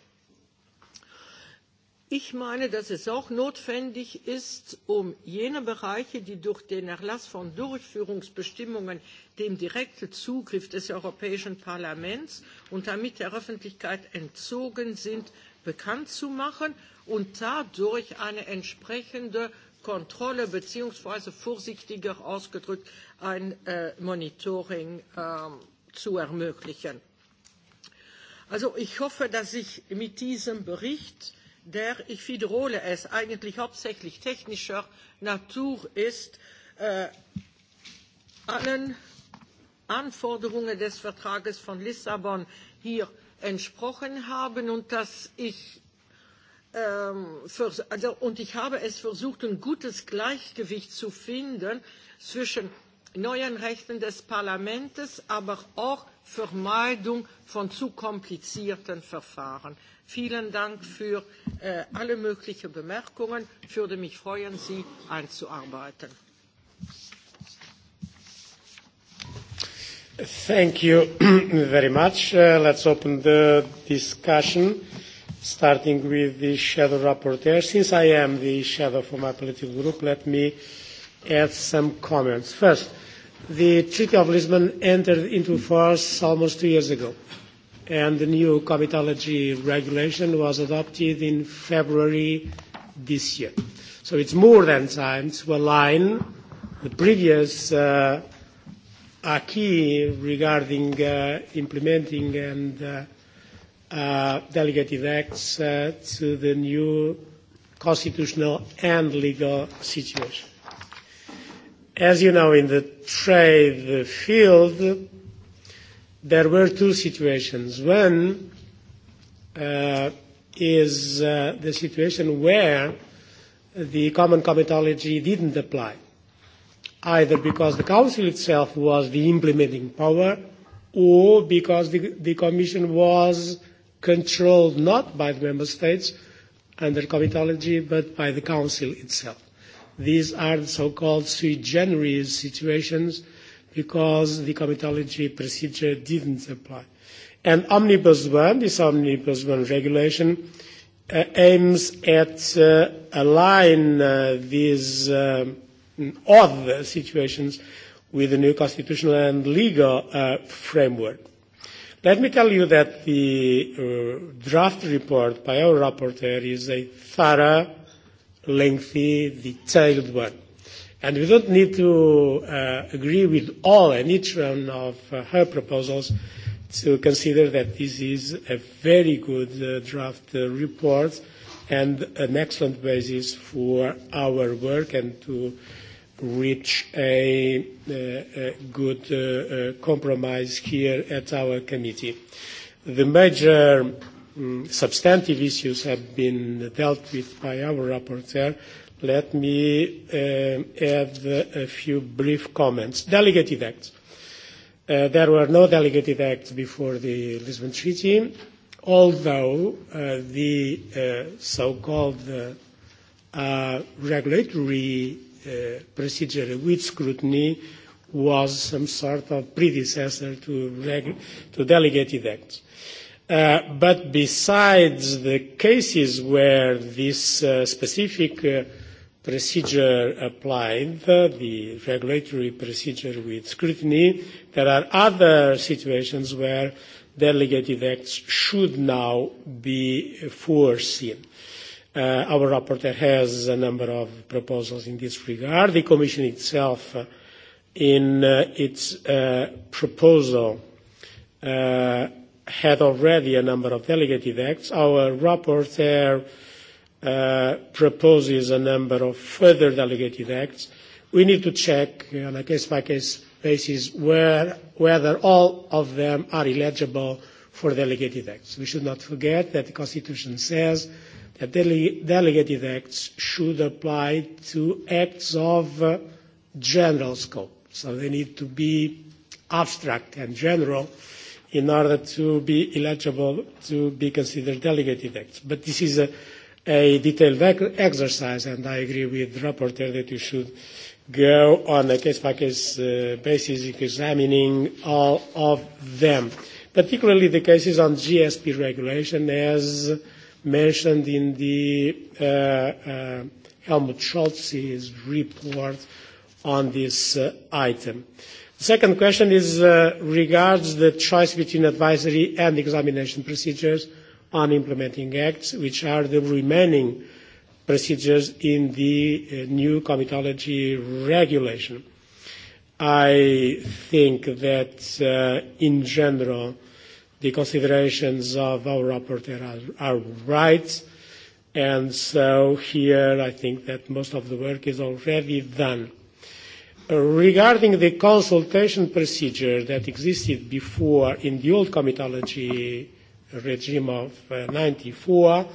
Ich meine, dass es auch notwendig ist, um jene Bereiche, die durch den Erlass von Durchführungsbestimmungen dem direkten Zugriff des Europäischen Parlaments und damit der Öffentlichkeit entzogen sind, bekannt zu machen und dadurch eine entsprechende Kontrolle bzw. vorsichtiger ausgedrückt ein Monitoring zu ermöglichen. Also ich hoffe, dass ich mit diesem Bericht der, ich wiederhole es, eigentlich hauptsächlich technischer Natur ist, allen Anforderungen des Vertrages von Lissabon hier entsprochen haben und dass ich und ich habe es versucht, ein gutes Gleichgewicht zu finden zwischen neuen Rechten des Parlaments, aber auch Vermeidung von zu komplizierten Verfahren. Vielen Dank für alle möglichen Bemerkungen. Ich würde mich freuen, Sie einzuarbeiten.
Thank you very much. Uh, let's open the discussion, starting with the shadow rapporteur. Since I am the shadow for my political group, let me add some comments. First, uh, The Treaty of Lisbon entered into force almost two years ago, and the new comitology regulation was adopted in February this year. So it's more than time to align the previous uh, acquis regarding uh, implementing and uh, uh, delegated acts uh, to the new constitutional and legal situation. As you know, in the trade field, there were two situations. One uh, is uh, the situation where the common comitology didn't apply, either because the Council itself was the implementing power or because the, the Commission was controlled not by the Member States under comitology but by the Council itself. These are the so-called sui generis situations because the comitology procedure didn't apply. And Omnibus One, this Omnibus One regulation, uh, aims at uh, align uh, these uh, odd situations with the new constitutional and legal uh, framework. Let me tell you that the uh, draft report by our rapporteur is a thorough lengthy, detailed one. And we don't need to uh, agree with all and each one of uh, her proposals to consider that this is a very good uh, draft uh, report and an excellent basis for our work and to reach a, uh, a good uh, uh, compromise here at our committee. The major substantive issues have been dealt with by our rapporteur, let me add a few brief comments. Delegated acts. there were no delegated acts before the Lisbon Treaty, although the so-called regulatory procedure with scrutiny was some sort of predecessor to, delegated acts but besides the cases where this specific procedure applied, the regulatory procedure with scrutiny, there are other situations where delegated acts should now be foreseen. our rapporteur has a number of proposals in this regard. The Commission itself, in its proposal, had already a number of delegated acts. Our rapporteur uh, proposes a number of further delegated acts. We need to check on a case-by-case basis where, whether all of them are eligible for delegated acts. We should not forget that the Constitution says that dele- delegated acts should apply to acts of uh, general scope. So they need to be abstract and general in order to be eligible to be considered delegated acts. But this is a, a detailed exercise, and I agree with the rapporteur that you should go on a case-by-case uh, basis examining all of them, particularly the cases on GSP regulation as mentioned in the uh, uh, Helmut Schultz's report on this uh, item. Uh, Second question is regards the choice between advisory and examination procedures on implementing acts, which are the remaining procedures in the new comitology regulation. I think that, in general, the considerations of our rapporteur are right, and so here I think that most of the work is already done. Regarding the consultation procedure that existed before in the old comitology regime of uh, 94,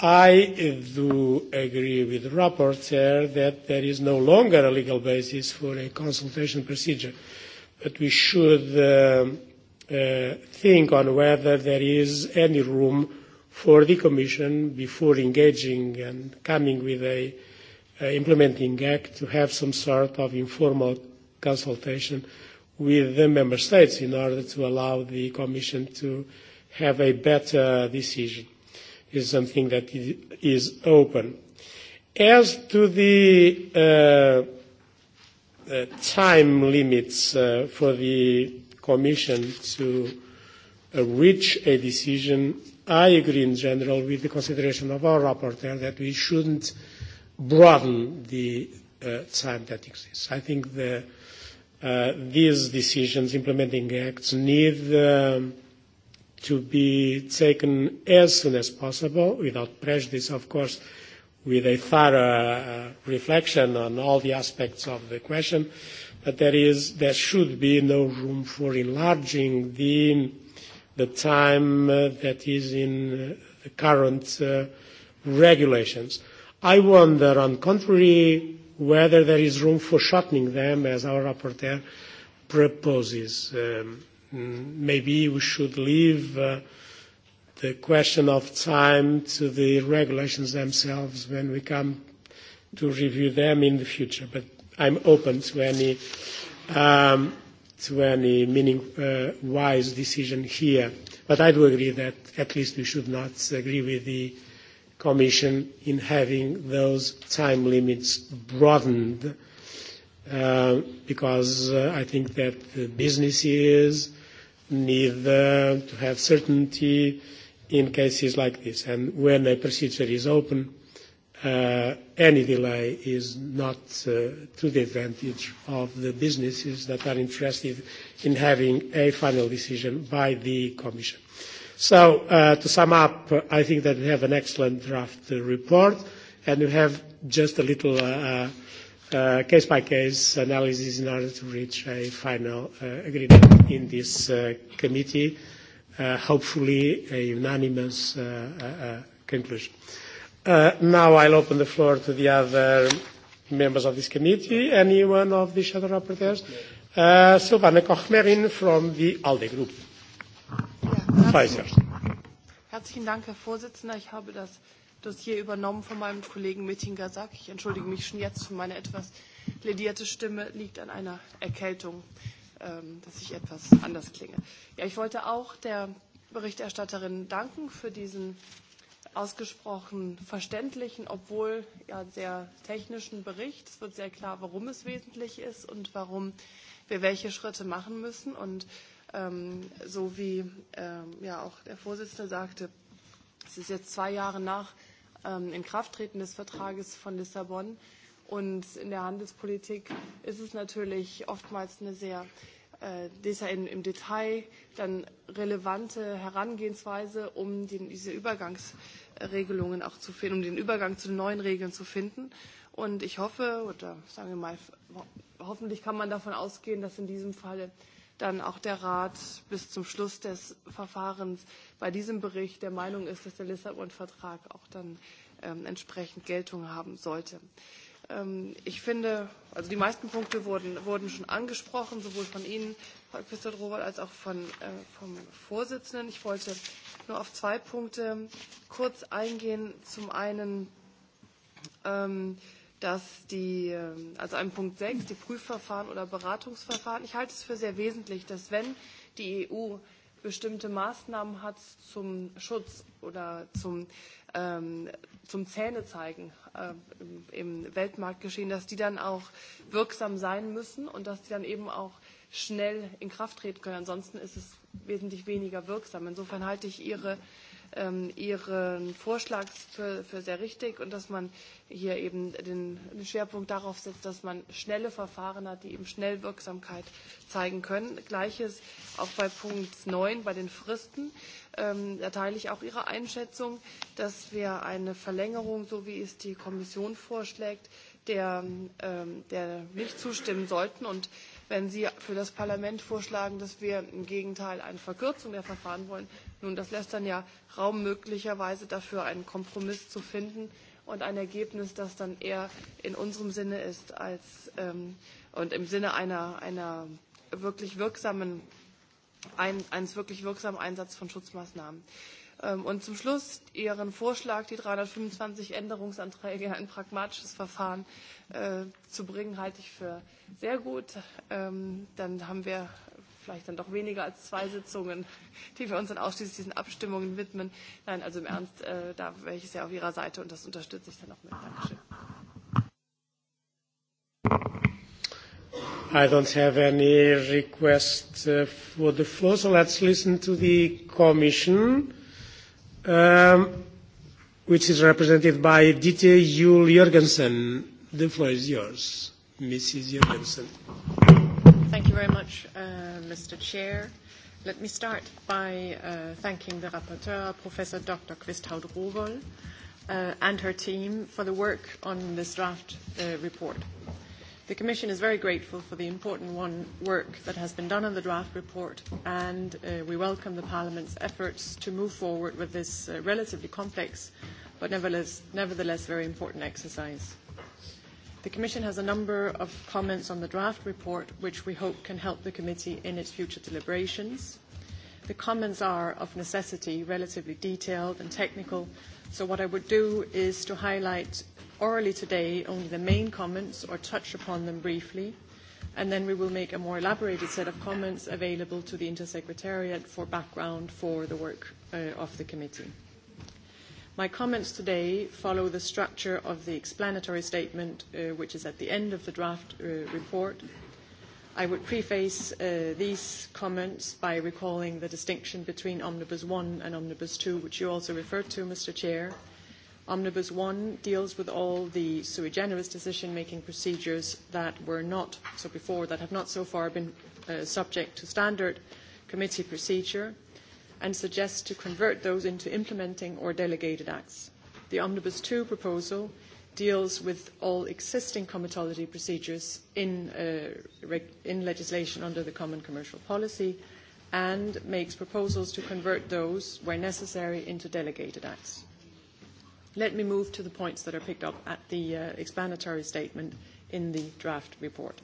I do agree with the rapporteur that there is no longer a legal basis for a consultation procedure, but we should uh, uh, think on whether there is any room for the Commission before engaging and coming with a implementing act to have some sort of informal consultation with the member states in order to allow the commission to have a better decision is something that is open. As to the time limits for the commission to reach a decision, I agree in general with the consideration of our rapporteur that we shouldn't uh, broaden the uh, time that exists. I think the, uh, these decisions, implementing acts, need um, to be taken as soon as possible, without prejudice, of course, with a thorough uh, reflection on all the aspects of the question. But there is, there should be no room for enlarging the the time uh, that is in uh, the current uh, regulations I wonder, on contrary, whether there is room for shortening them, as our rapporteur proposes. Um, maybe we should leave uh, the question of time to the regulations themselves when we come to review them in the future. But I'm open to any um, to any meaning uh, wise decision here. But I do agree that at least we should not agree with the Commission in having those time limits broadened because uh, I think that the businesses need uh, to have certainty in cases like this. And when a procedure is open, uh, any delay is not uh, to the advantage of the businesses that are interested in having a final decision by the Commission. So to sum up, I think that we have an excellent draft report, and we have just a little uh, case-by-case analysis in order to reach a final uh, agreement in this uh, committee, uh, hopefully a unanimous uh, uh, conclusion. Uh, now I'll open the floor to the other members of this committee. any one of the shadow rapporteurs? Uh, Silvana Kochmerin from the ALDE Group.
Herzlichen Dank, Herr Vorsitzender. Ich habe das Dossier übernommen von meinem Kollegen Mittinger Gazak. Ich entschuldige mich schon jetzt für meine etwas ledierte Stimme, liegt an einer Erkältung, dass ich etwas anders klinge. Ja, ich wollte auch der Berichterstatterin danken für diesen ausgesprochen verständlichen, obwohl ja sehr technischen Bericht. Es wird sehr klar, warum es wesentlich ist und warum wir welche Schritte machen müssen. Und ähm, so wie ähm, ja auch der Vorsitzende sagte, es ist jetzt zwei Jahre nach ähm, Inkrafttreten des Vertrages von Lissabon. Und in der Handelspolitik ist es natürlich oftmals eine sehr äh, im Detail dann relevante Herangehensweise, um den, diese Übergangsregelungen auch zu finden, um den Übergang zu den neuen Regeln zu finden. Und ich hoffe, oder sagen wir mal, hoffentlich kann man davon ausgehen, dass in diesem Falle dann auch der Rat bis zum Schluss des Verfahrens bei diesem Bericht der Meinung ist, dass der Lissabon-Vertrag auch dann ähm, entsprechend Geltung haben sollte. Ich finde, also die meisten Punkte wurden, wurden schon angesprochen, sowohl von Ihnen, Frau Christoph Robert, als auch von, äh, vom Vorsitzenden. Ich wollte nur auf zwei Punkte kurz eingehen. Zum einen ähm, dass die, also ein Punkt 6, die Prüfverfahren oder Beratungsverfahren, ich halte es für sehr wesentlich, dass wenn die EU bestimmte Maßnahmen hat zum Schutz oder zum, ähm, zum Zähnezeigen äh, im Weltmarktgeschehen, dass die dann auch wirksam sein müssen und dass die dann eben auch schnell in Kraft treten können. Ansonsten ist es wesentlich weniger wirksam. Insofern halte ich Ihre Ihren Vorschlag für, sehr richtig und dass man hier eben den, Schwerpunkt darauf setzt, dass man schnelle Verfahren hat, die eben schnell Wirksamkeit zeigen können. Gleiches auch bei Punkt 9, bei den Fristen. da teile ich auch Ihre Einschätzung, dass wir eine Verlängerung, so wie es die Kommission vorschlägt, der, der nicht zustimmen sollten und Wenn Sie für das Parlament vorschlagen, dass wir im Gegenteil eine Verkürzung der Verfahren wollen, nun, das lässt dann ja Raum möglicherweise dafür, einen Kompromiss zu finden und ein Ergebnis, das dann eher in unserem Sinne ist als ähm, und im Sinne einer, einer wirklich wirksamen, ein, eines wirklich wirksamen Einsatzes von Schutzmaßnahmen. Äh, Und zum Schluss Ihren Vorschlag, die 325 Änderungsanträge in ein pragmatisches Verfahren zu bringen, halte ich für sehr gut. Dann haben wir vielleicht dann doch weniger als zwei Sitzungen, die wir uns dann ausschließlich diesen Abstimmungen widmen. Nein, also im Ernst, da wäre ich sehr auf Ihrer Seite und das unterstütze ich dann auch mit. Dankeschön.
I don't have any request for the floor, so let's listen to the Commission which is represented by Dieter Jule Jorgensen. The floor is yours, Mrs. Jorgensen.
Thank you very much, uh, Mr. Chair. Let me start by uh, thanking the rapporteur, Professor Dr. Quisthout Rowohl, uh, and her team for the work on this draft uh, report. Uh, The Commission is very grateful for the important one work that has been done on the draft report, and uh, we welcome the Parliament's efforts to move forward with this uh, relatively complex but nevertheless, nevertheless very important exercise. The Commission has a number of comments on the draft report, which we hope can help the committee in its future deliberations. The comments are, of necessity, relatively detailed and technical, So what I would do is to highlight orally today only the main comments or touch upon them briefly, and then we will make a more elaborated set of comments available to the Intersecretariat for background for the work of the committee. My comments today follow the structure of the explanatory statement, which is at the end of the draft report, I would preface these comments by recalling the distinction between Omnibus One and Omnibus Two, which you also referred to, Mr. Chair. Omnibus One deals with all the sui generis decision-making procedures that were not, so before, that have not so far been subject to standard committee procedure and suggests to convert those into implementing or delegated acts. The Omnibus Two proposal deals with all existing comitology procedures in, in legislation under the Common Commercial Policy and makes proposals to convert those, where necessary, into delegated acts. Let me move to the points that are picked up at the explanatory statement in the draft report.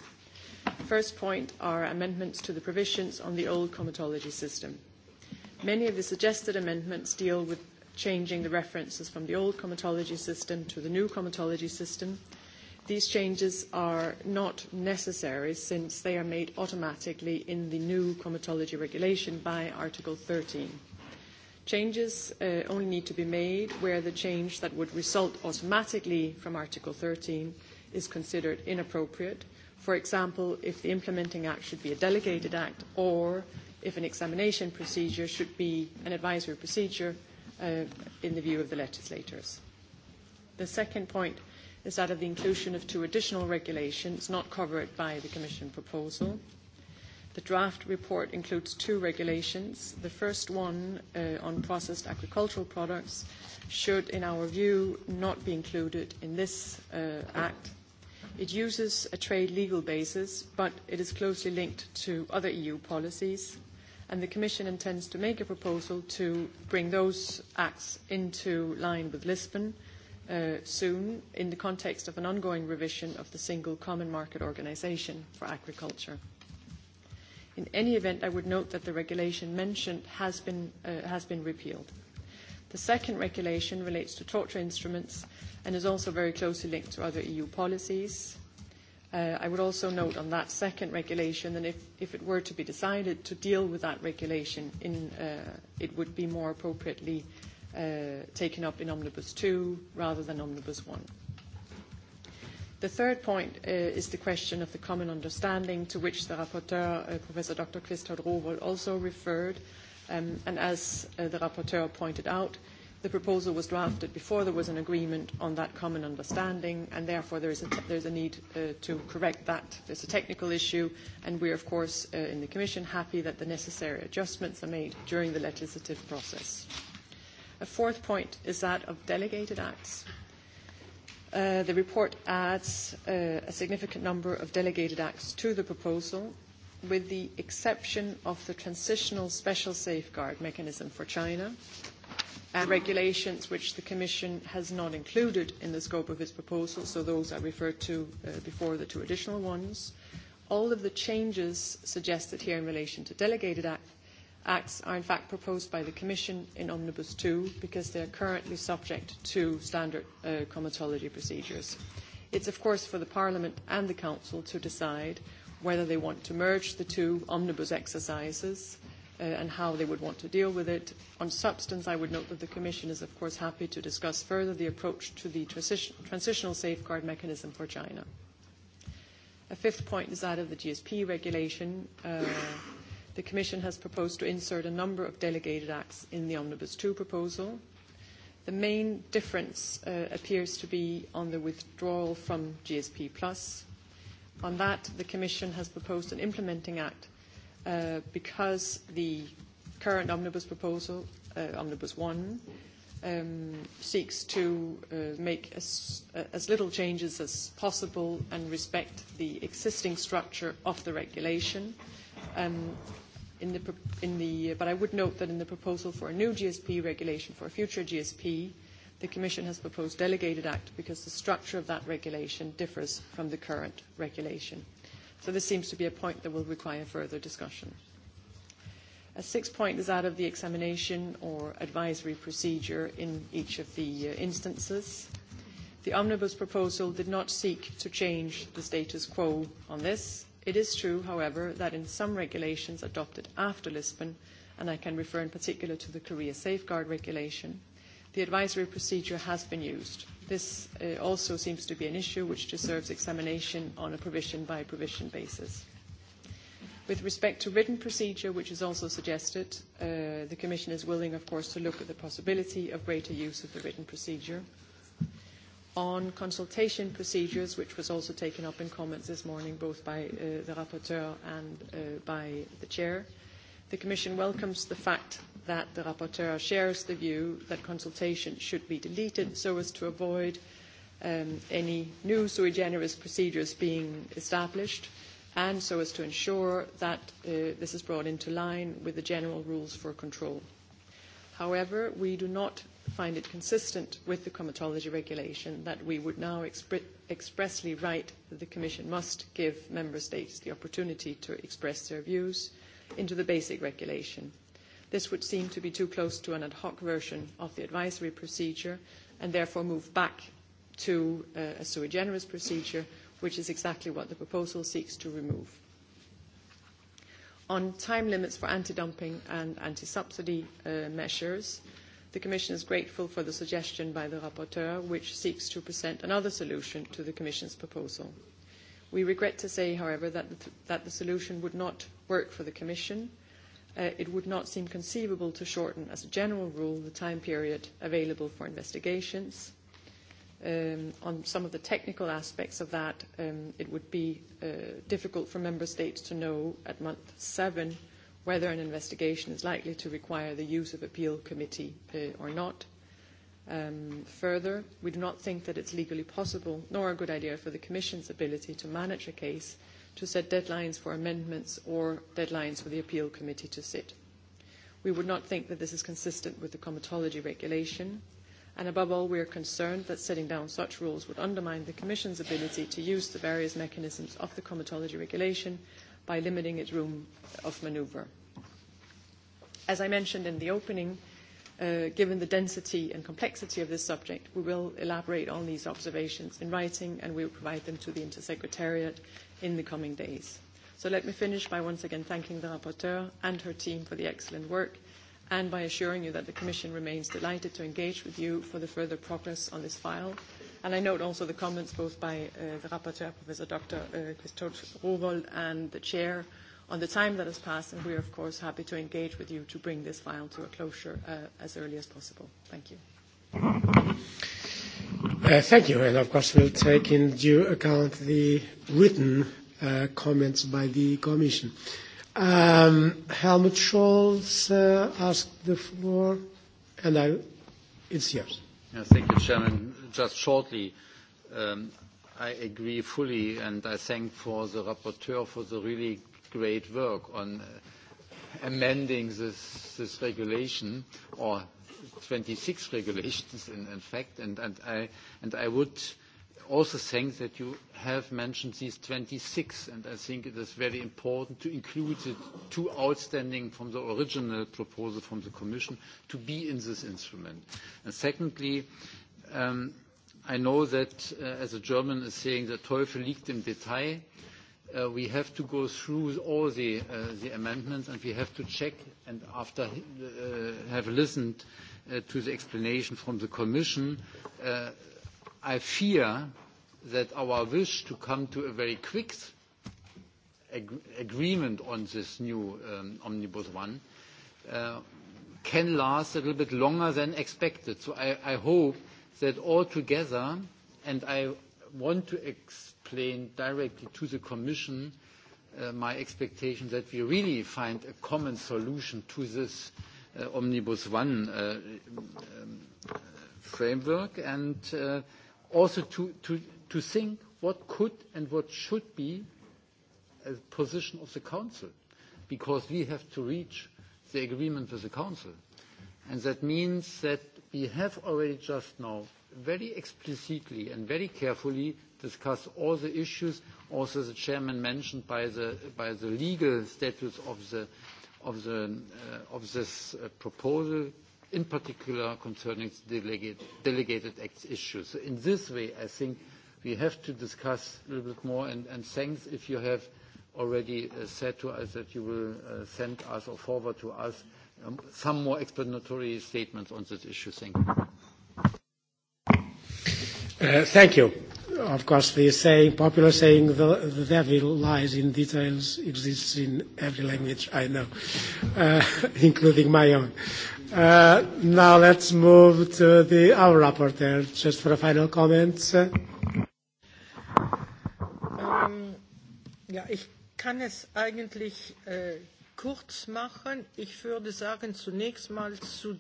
First point are amendments to the provisions on the old comitology system. Many of the suggested amendments deal with changing the references from the old comitology system to the new comitology system. These changes are not necessary since they are made automatically in the new comitology regulation by Article 13. Changes uh, only need to be made where the change that would result automatically from Article 13 is considered inappropriate. For example, if the implementing act should be a delegated act or if an examination procedure should be an advisory procedure uh, in the view of the legislators. The second point is that of the inclusion of two additional regulations not covered by the Commission proposal. The draft report includes two regulations. The first one on processed agricultural products should, in our view, not be included in this Act. It uses a trade legal basis, but it is closely linked to other EU policies and the Commission intends to make a proposal to bring those acts into line with Lisbon soon in the context of an ongoing revision of the Single Common Market Organisation for Agriculture. In any event, I would note that the regulation mentioned has been repealed. The second regulation relates to torture instruments and is also very closely linked to other EU policies. I would also note on that second regulation that if it were to be decided to deal with that regulation, it would be more appropriately taken up in Omnibus 2 rather than Omnibus 1. The third point is the question of the common understanding to which the rapporteur, Professor Dr. Christoph rowohl also referred. As the rapporteur pointed out, The proposal was drafted before there was an agreement on that common understanding, and therefore there is a, there's a need uh, to correct that. There's a technical issue, and we are of course, uh, in the Commission, happy that the necessary adjustments are made during the legislative process. A fourth point is that of delegated acts. Uh, the report adds uh, a significant number of delegated acts to the proposal, with the exception of the transitional special safeguard mechanism for China, and regulations which the Commission has not included in the scope of its proposal, so those I referred to before, the two additional ones. All of the changes suggested here in relation to delegated acts are in fact proposed by the Commission in Omnibus 2 because they are currently subject to standard comitology procedures. It is of course for the Parliament and the Council to decide whether they want to merge the two omnibus exercises uh, and how they would want to deal with it. On substance, I would note that the Commission is, of course, happy to discuss further the approach to the transition, transitional safeguard mechanism for China. A fifth point is that of the GSP regulation. Uh, the Commission has proposed to insert a number of delegated acts in the Omnibus 2 proposal. The main difference uh, appears to be on the withdrawal from GSP+. On that, the Commission has proposed an implementing act because the current omnibus proposal, uh, Omnibus 1, um, seeks to uh, make as, as little changes as possible and respect the existing structure of the regulation. Um, in the, in the, but I would note that in the proposal for a new GSP regulation for a future GSP, the Commission has proposed delegated act because the structure of that regulation differs from the current regulation. So this seems to be a point that will require further discussion. A sixth point is that of the examination or advisory procedure in each of the instances. The omnibus proposal did not seek to change the status quo on this. It is true, however, that in some regulations adopted after Lisbon, and I can refer in particular to the Korea Safeguard Regulation, the advisory procedure has been used. This uh, also seems to be an issue which deserves examination on a provision-by-provision basis. With respect to written procedure, which is also suggested, uh, the Commission is willing, of course, to look at the possibility of greater use of the written procedure. On consultation procedures, which was also taken up in comments this morning, both by uh, the rapporteur and uh, by the chair, uh, The Commission welcomes the fact that the rapporteur shares the view that consultation should be deleted so as to avoid any new sui generis procedures being established and so as to ensure that this is brought into line with the general rules for control. However, we do not find it consistent with the comitology regulation that we would now expressly write that the Commission must give Member States the opportunity to express their views into the basic regulation. This would seem to be too close to an ad hoc version of the advisory procedure and therefore move back to a sui generis procedure, which is exactly what the proposal seeks to remove. On time limits for anti-dumping and anti-subsidy measures, the Commission is grateful for the suggestion by the rapporteur, which seeks to present another solution to the Commission's proposal. We regret to say, however, that the, solution would not work for the Commission, it would not seem conceivable to shorten, as a general rule, the time period available for investigations. on some of the technical aspects of that, it would be difficult for Member States to know at month seven whether an investigation is likely to require the use of appeal committee or not. further, we do not think that it's legally possible, nor a good idea for the Commission's ability to manage a case to set deadlines for amendments or deadlines for the appeal committee to sit. We would not think that this is consistent with the comitology regulation, and above all, we are concerned that setting down such rules would undermine the Commission's ability to use the various mechanisms of the comitology regulation by limiting its room of manoeuvre. As I mentioned in the opening, given the density and complexity of this subject, we will elaborate on these observations in writing and we will provide them to the Intersecretariat in the coming days. So let me finish by once again thanking the rapporteur and her team for the excellent work and by assuring you that the Commission remains delighted to engage with you for the further progress on this file. And I note also the comments both by uh, the rapporteur, Professor Dr. Uh, Christoph Rowold, and the chair, on the time that has passed, and we are, of course, happy to engage with you to bring this file to a closure as early as possible. Thank you.
Thank you. And of course, we'll take into due account the written comments by the commission. Helmut Scholz asked the floor, and it's yours.
Thank you, Chairman. Just shortly, I agree fully, and I thank for the rapporteur for the really great work on amending this this regulation or 26 regulations in in fact. and and I and I would also think that you have mentioned these 26, and I think it is very important to include the two outstanding from the original proposal from the Commission to be in this instrument. And Secondly, I know that, as a German is saying, the Teufel liegt im Detail we have to go through all the amendments, and we have to check, and after have listened to the explanation from the Commission, I fear that our wish to come to a very quick agreement on this new Omnibus One can last a little bit longer than expected. So I hope that all together, and I want to explain directly to the Commission my expectation that we really find a common solution to this Omnibus One framework, and also to think what could and what should be a position of the Council, because we have to reach the agreement with the Council. and That means that we have already just now very explicitly and very carefully discuss all the issues, also the chairman mentioned by the, by the legal status of, the, of, the, uh, of this uh, proposal, in particular concerning the delegate, delegated acts issues. So in this way, I think we have to discuss a little bit more, and, and thanks if you have already uh, said to us that you will uh, send us or forward to us um, some more explanatory statements on this issue. Thank you
thank you. Of course, the saying, popular saying, the, the devil lies in details, exists in every language I know, uh, including my own. Uh, now let's move to the, our rapporteur, just for a final comment. Um,
ja, ich kann es eigentlich uh, kurz machen. Ich würde sagen, zunächst mal zu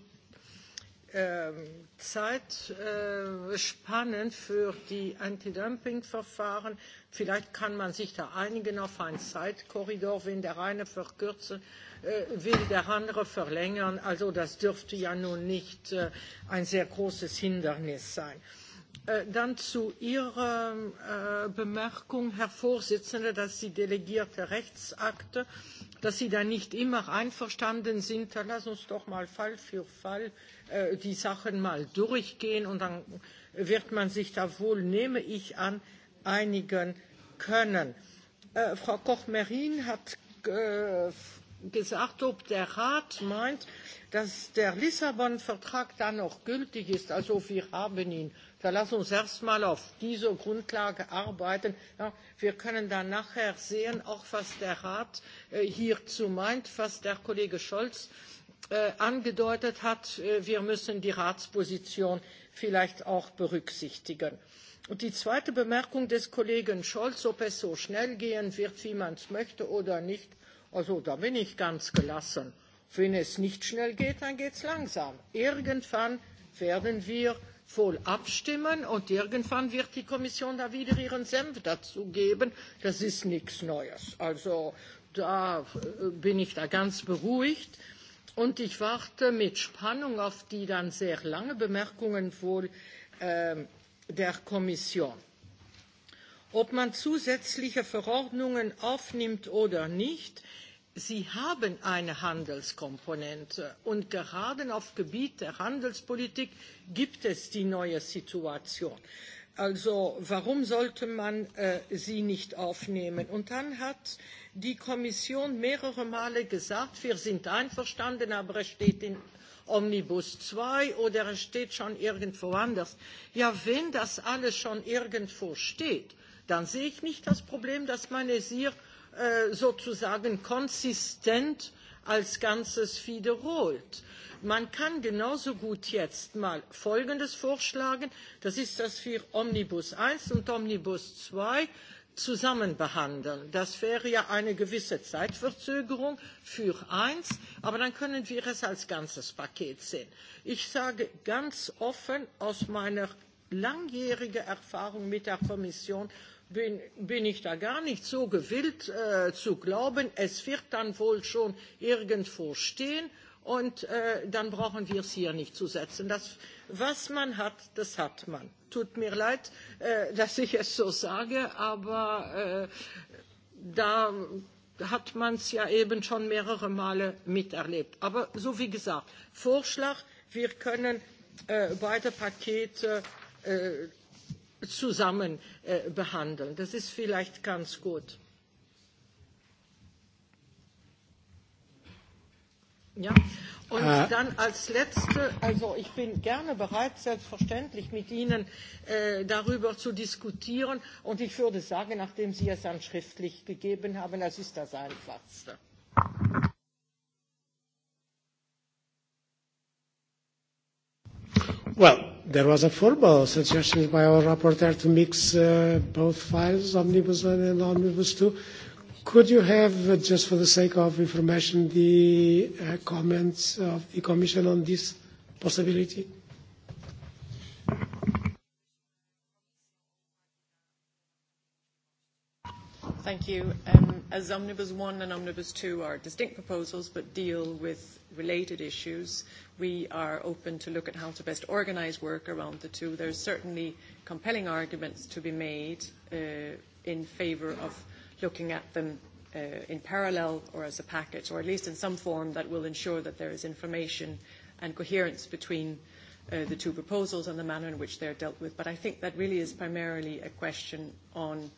Zeitspannen für die dumping verfahren Vielleicht kann man sich da einigen auf einen Zeitkorridor, wenn der eine verkürzen will, der andere verlängern. Also das dürfte ja nun nicht ein sehr großes Hindernis sein. Dann zu Ihrer Bemerkung, Herr Vorsitzender, dass Sie delegierte Rechtsakte, dass Sie da nicht immer einverstanden sind. Dann lass uns doch mal Fall für Fall die Sachen mal durchgehen und dann wird man sich da wohl, nehme ich an, einigen können. Frau Koch-Merin hat gesagt, ob der Rat meint, dass der Lissabon-Vertrag da noch gültig ist. Also wir haben ihn Da lass uns erst mal auf dieser Grundlage arbeiten. Ja, wir können dann nachher sehen, auch was der Rat hierzu meint, was der Kollege Scholz angedeutet hat. wir müssen die Ratsposition vielleicht auch berücksichtigen. Und die zweite Bemerkung des Kollegen Scholz, ob es so schnell gehen wird, wie man es möchte oder nicht, also da bin ich ganz gelassen. Wenn es nicht schnell geht, dann geht es langsam. Irgendwann werden wir voll abstimmen und irgendwann wird die Kommission da wieder ihren Senf dazu geben. Das ist nichts Neues. Also da bin ich da ganz beruhigt. Und ich warte mit Spannung auf die dann sehr lange Bemerkungen wohl der Kommission. Ob man zusätzliche Verordnungen aufnimmt oder nicht, Sie haben eine Handelskomponente und gerade auf Gebiet der Handelspolitik gibt es die neue Situation. Also warum sollte man sie nicht aufnehmen? Und dann hat die Kommission mehrere Male gesagt, wir sind einverstanden, aber es steht in Omnibus II oder es steht schon irgendwo anders. Ja, wenn das alles schon irgendwo steht, dann sehe ich nicht das Problem, dass man es hier sozusagen konsistent als Ganzes wiederholt. Man kann genauso gut jetzt mal Folgendes vorschlagen. Das ist, dass wir Omnibus I und Omnibus II zusammen behandeln. Das wäre ja eine gewisse Zeitverzögerung für eins, aber dann können wir es als ganzes Paket sehen. Ich sage ganz offen aus meiner langjährigen Erfahrung mit der Kommission, bin, bin ich da gar nicht so gewillt äh, zu glauben, es wird dann wohl schon irgendwo stehen und äh, dann brauchen wir es hier nicht zu setzen. Das, was man hat, das hat man. Tut mir leid, äh, dass ich es so sage, aber äh, da hat man es ja eben schon mehrere Male miterlebt. Aber so wie gesagt, Vorschlag, wir können beide Pakete zusammen behandeln. Das ist vielleicht ganz gut. Ja. Und dann als letzte, also ich bin gerne bereit, selbstverständlich mit Ihnen äh, darüber zu diskutieren. Und ich würde sagen, nachdem Sie es dann schriftlich gegeben haben, das ist das Einfachste.
Well, there was a formal suggestion by our rapporteur to mix uh, both files, Omnibus 1 and Omnibus 2. Could you have, uh, just for the sake of information, the uh, comments of the Commission on this possibility?
Thank you. As Omnibus One and Omnibus Two are distinct proposals but deal with related issues, we are open to look at how to best organise work around the two. There's certainly compelling arguments to be made in favour of looking at them in parallel or as a package, or at least in some form that will ensure that there is information and coherence between the two proposals and the manner in which they are dealt with. But I think that really is primarily a question on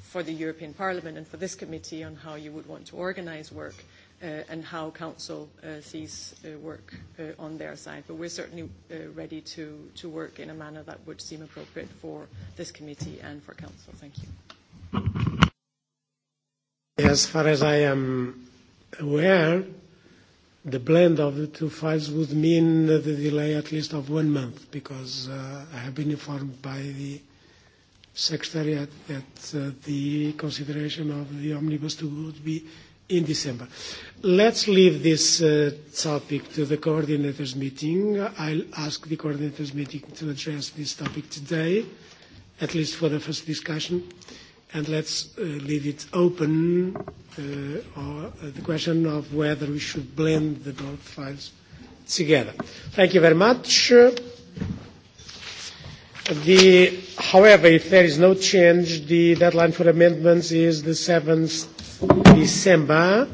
for the European Parliament and for this committee on how you would want to organise work uh, and how Council uh, sees uh, work uh, on their side. But we're certainly uh, ready to, to work in a manner that would seem appropriate for this committee and for Council. Thank you.
As far as I am aware, the blend of the two files would mean the delay at least of one month because uh, I have been informed by the Secretariat that uh, the consideration of the Omnibus to would be in December. Let's leave this uh, topic to the coordinators' meeting. I'll ask the coordinators' meeting to address this topic today, at least for the first discussion, and let's uh, leave it open uh, or the question of whether we should blend the both files together. Thank you very much. The, however, if there is no change, the deadline for amendments is the 7th December.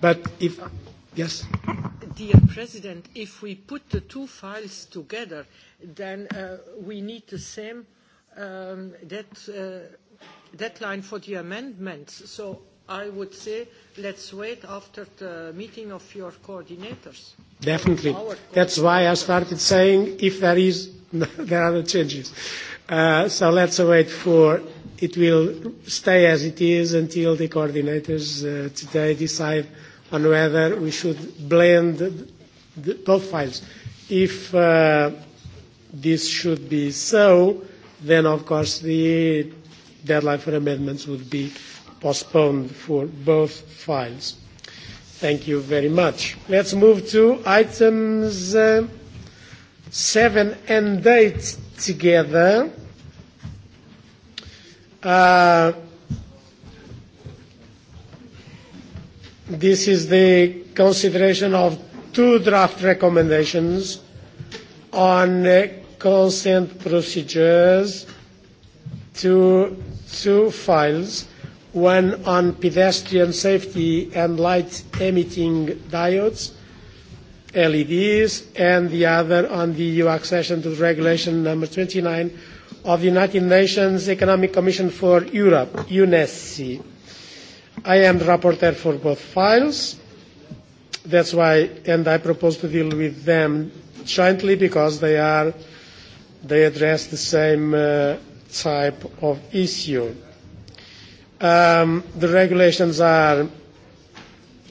But if, yes?
Dear President, if we put the two files together, then uh, we need the same um, that, uh, deadline for the amendments. So I would say let's wait after the meeting of your coordinators. Definitely.
That's why I started saying if there is there are no changes. Uh, so let's wait for it will stay as it is until the coordinators uh, today decide on whether we should blend the, both files. If uh, this should be so, then of course the deadline for amendments would be postponed for both files. Thank you very much. Let's move to items. Uh, seven and eight together. Uh, this is the consideration of two draft recommendations on uh, consent procedures to two files, one on pedestrian safety and light emitting diodes LEDs, and the other on the EU accession to Regulation number 29 of the United Nations Economic Commission for Europe, UNESC. I am the rapporteur for both files. That's why, and I propose to deal with them jointly because they are, they address the same uh, type of issue. Um, the regulations are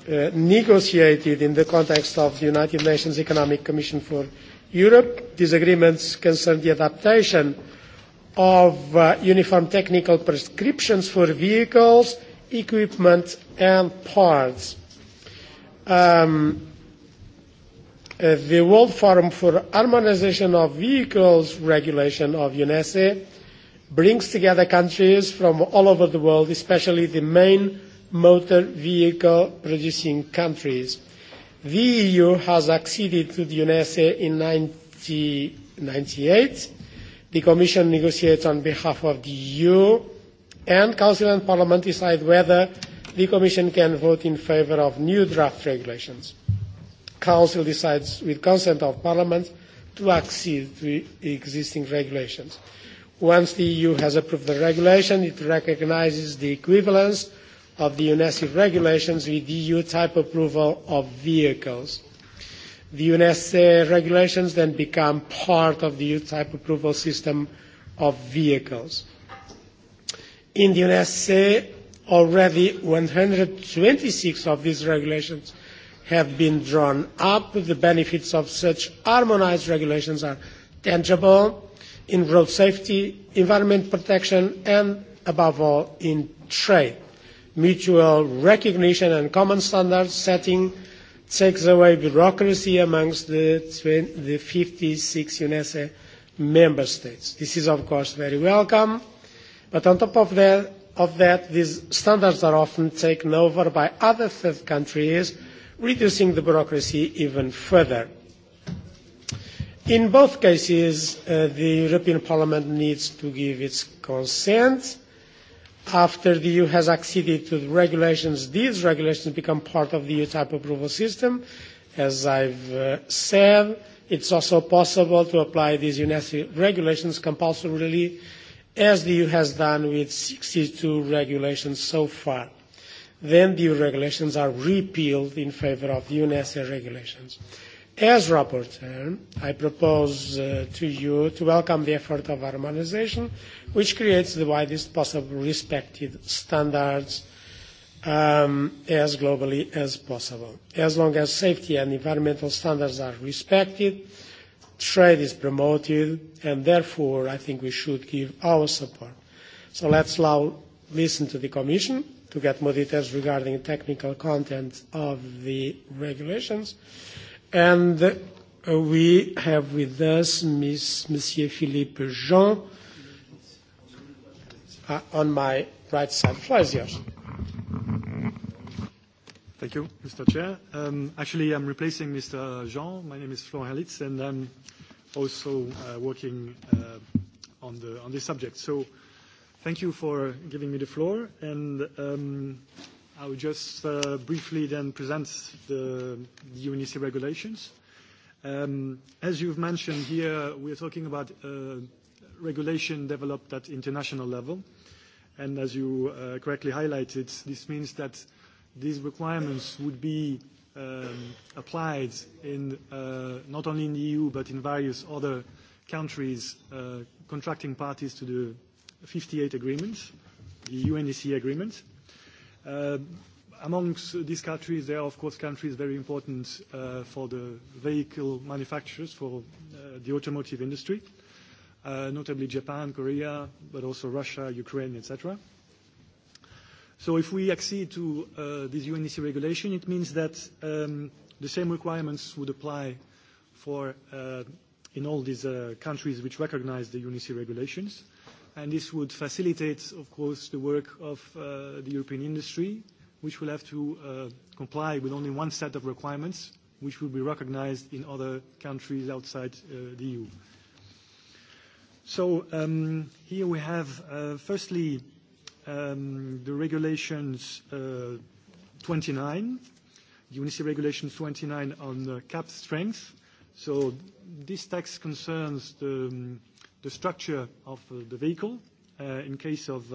negotiated in the context of the United Nations Economic Commission for Europe. These agreements concern the adaptation of uh, uniform technical prescriptions for vehicles, equipment and parts. Um, uh, the World Forum for Harmonization of Vehicles Regulation of UNESCO brings together countries from all over the world, especially the main motor vehicle producing countries. The EU has acceded to the UNESA in 1998. The Commission negotiates on behalf of the EU, and Council and Parliament decide whether the Commission can vote in favour of new draft regulations. Council decides with consent of Parliament to accede to existing regulations. Once the EU has approved the regulation, it recognises the equivalence of the UNESCO regulations with EU type approval of vehicles. The UNESCO regulations then become part of the EU type approval system of vehicles. In the UNESCO, already 126 of these regulations have been drawn up. The benefits of such harmonised regulations are tangible in road safety, environment protection, and above all, in trade mutual recognition and common standard setting takes away bureaucracy amongst the, the 56 UNESCO member states. This is, of course, very welcome, but on top of that, of that, these standards are often taken over by other third countries, reducing the bureaucracy even further. In both cases, the European Parliament needs to give its consent after the EU has acceded to the regulations, these regulations become part of the EU type approval system. As I've uh, said, it's also possible to apply these UNESCO regulations compulsorily, as the EU has done with 62 regulations so far. Then the EU regulations are repealed in favour of the UNESCO regulations. As rapporteur, I propose uh, to you to welcome the effort of harmonization, which creates the widest possible respected standards um, as globally as possible. As long as safety and environmental standards are respected, trade is promoted, and therefore I think we should give our support. So let's now listen to the Commission to get more details regarding the technical content of the regulations And we have with us Miss Monsieur Philippe Jean on my right side. Floor is yours.
Thank you, Mr. Chair. Um, actually, I'm replacing Mr. Jean. My name is Florent Herlitz, and I'm also uh, working uh, on, the, on this subject. So thank you for giving me the floor. And um, I will just briefly then present the UNEC regulations. As you've mentioned here, we are talking about regulation developed at international level. and As you correctly highlighted, this means that these requirements would be applied in not only in the EU, but in various other countries contracting parties to the 58 agreements, the UNEC agreement. Amongst these countries, there are, of course, countries very important for the vehicle manufacturers, for the automotive industry, notably Japan, Korea, but also Russia, Ukraine, et cetera. So if we accede to this UNEC regulation, it means that the same requirements would apply for in all these countries which recognize the UNEC regulations and this would facilitate, of course, the work of the European industry, which will have to comply with only one set of requirements, which will be recognized in other countries outside the EU. So here we have, firstly, the regulations 29, the UNICE regulations 29 on cap strength. So this text concerns the the structure of the vehicle in case of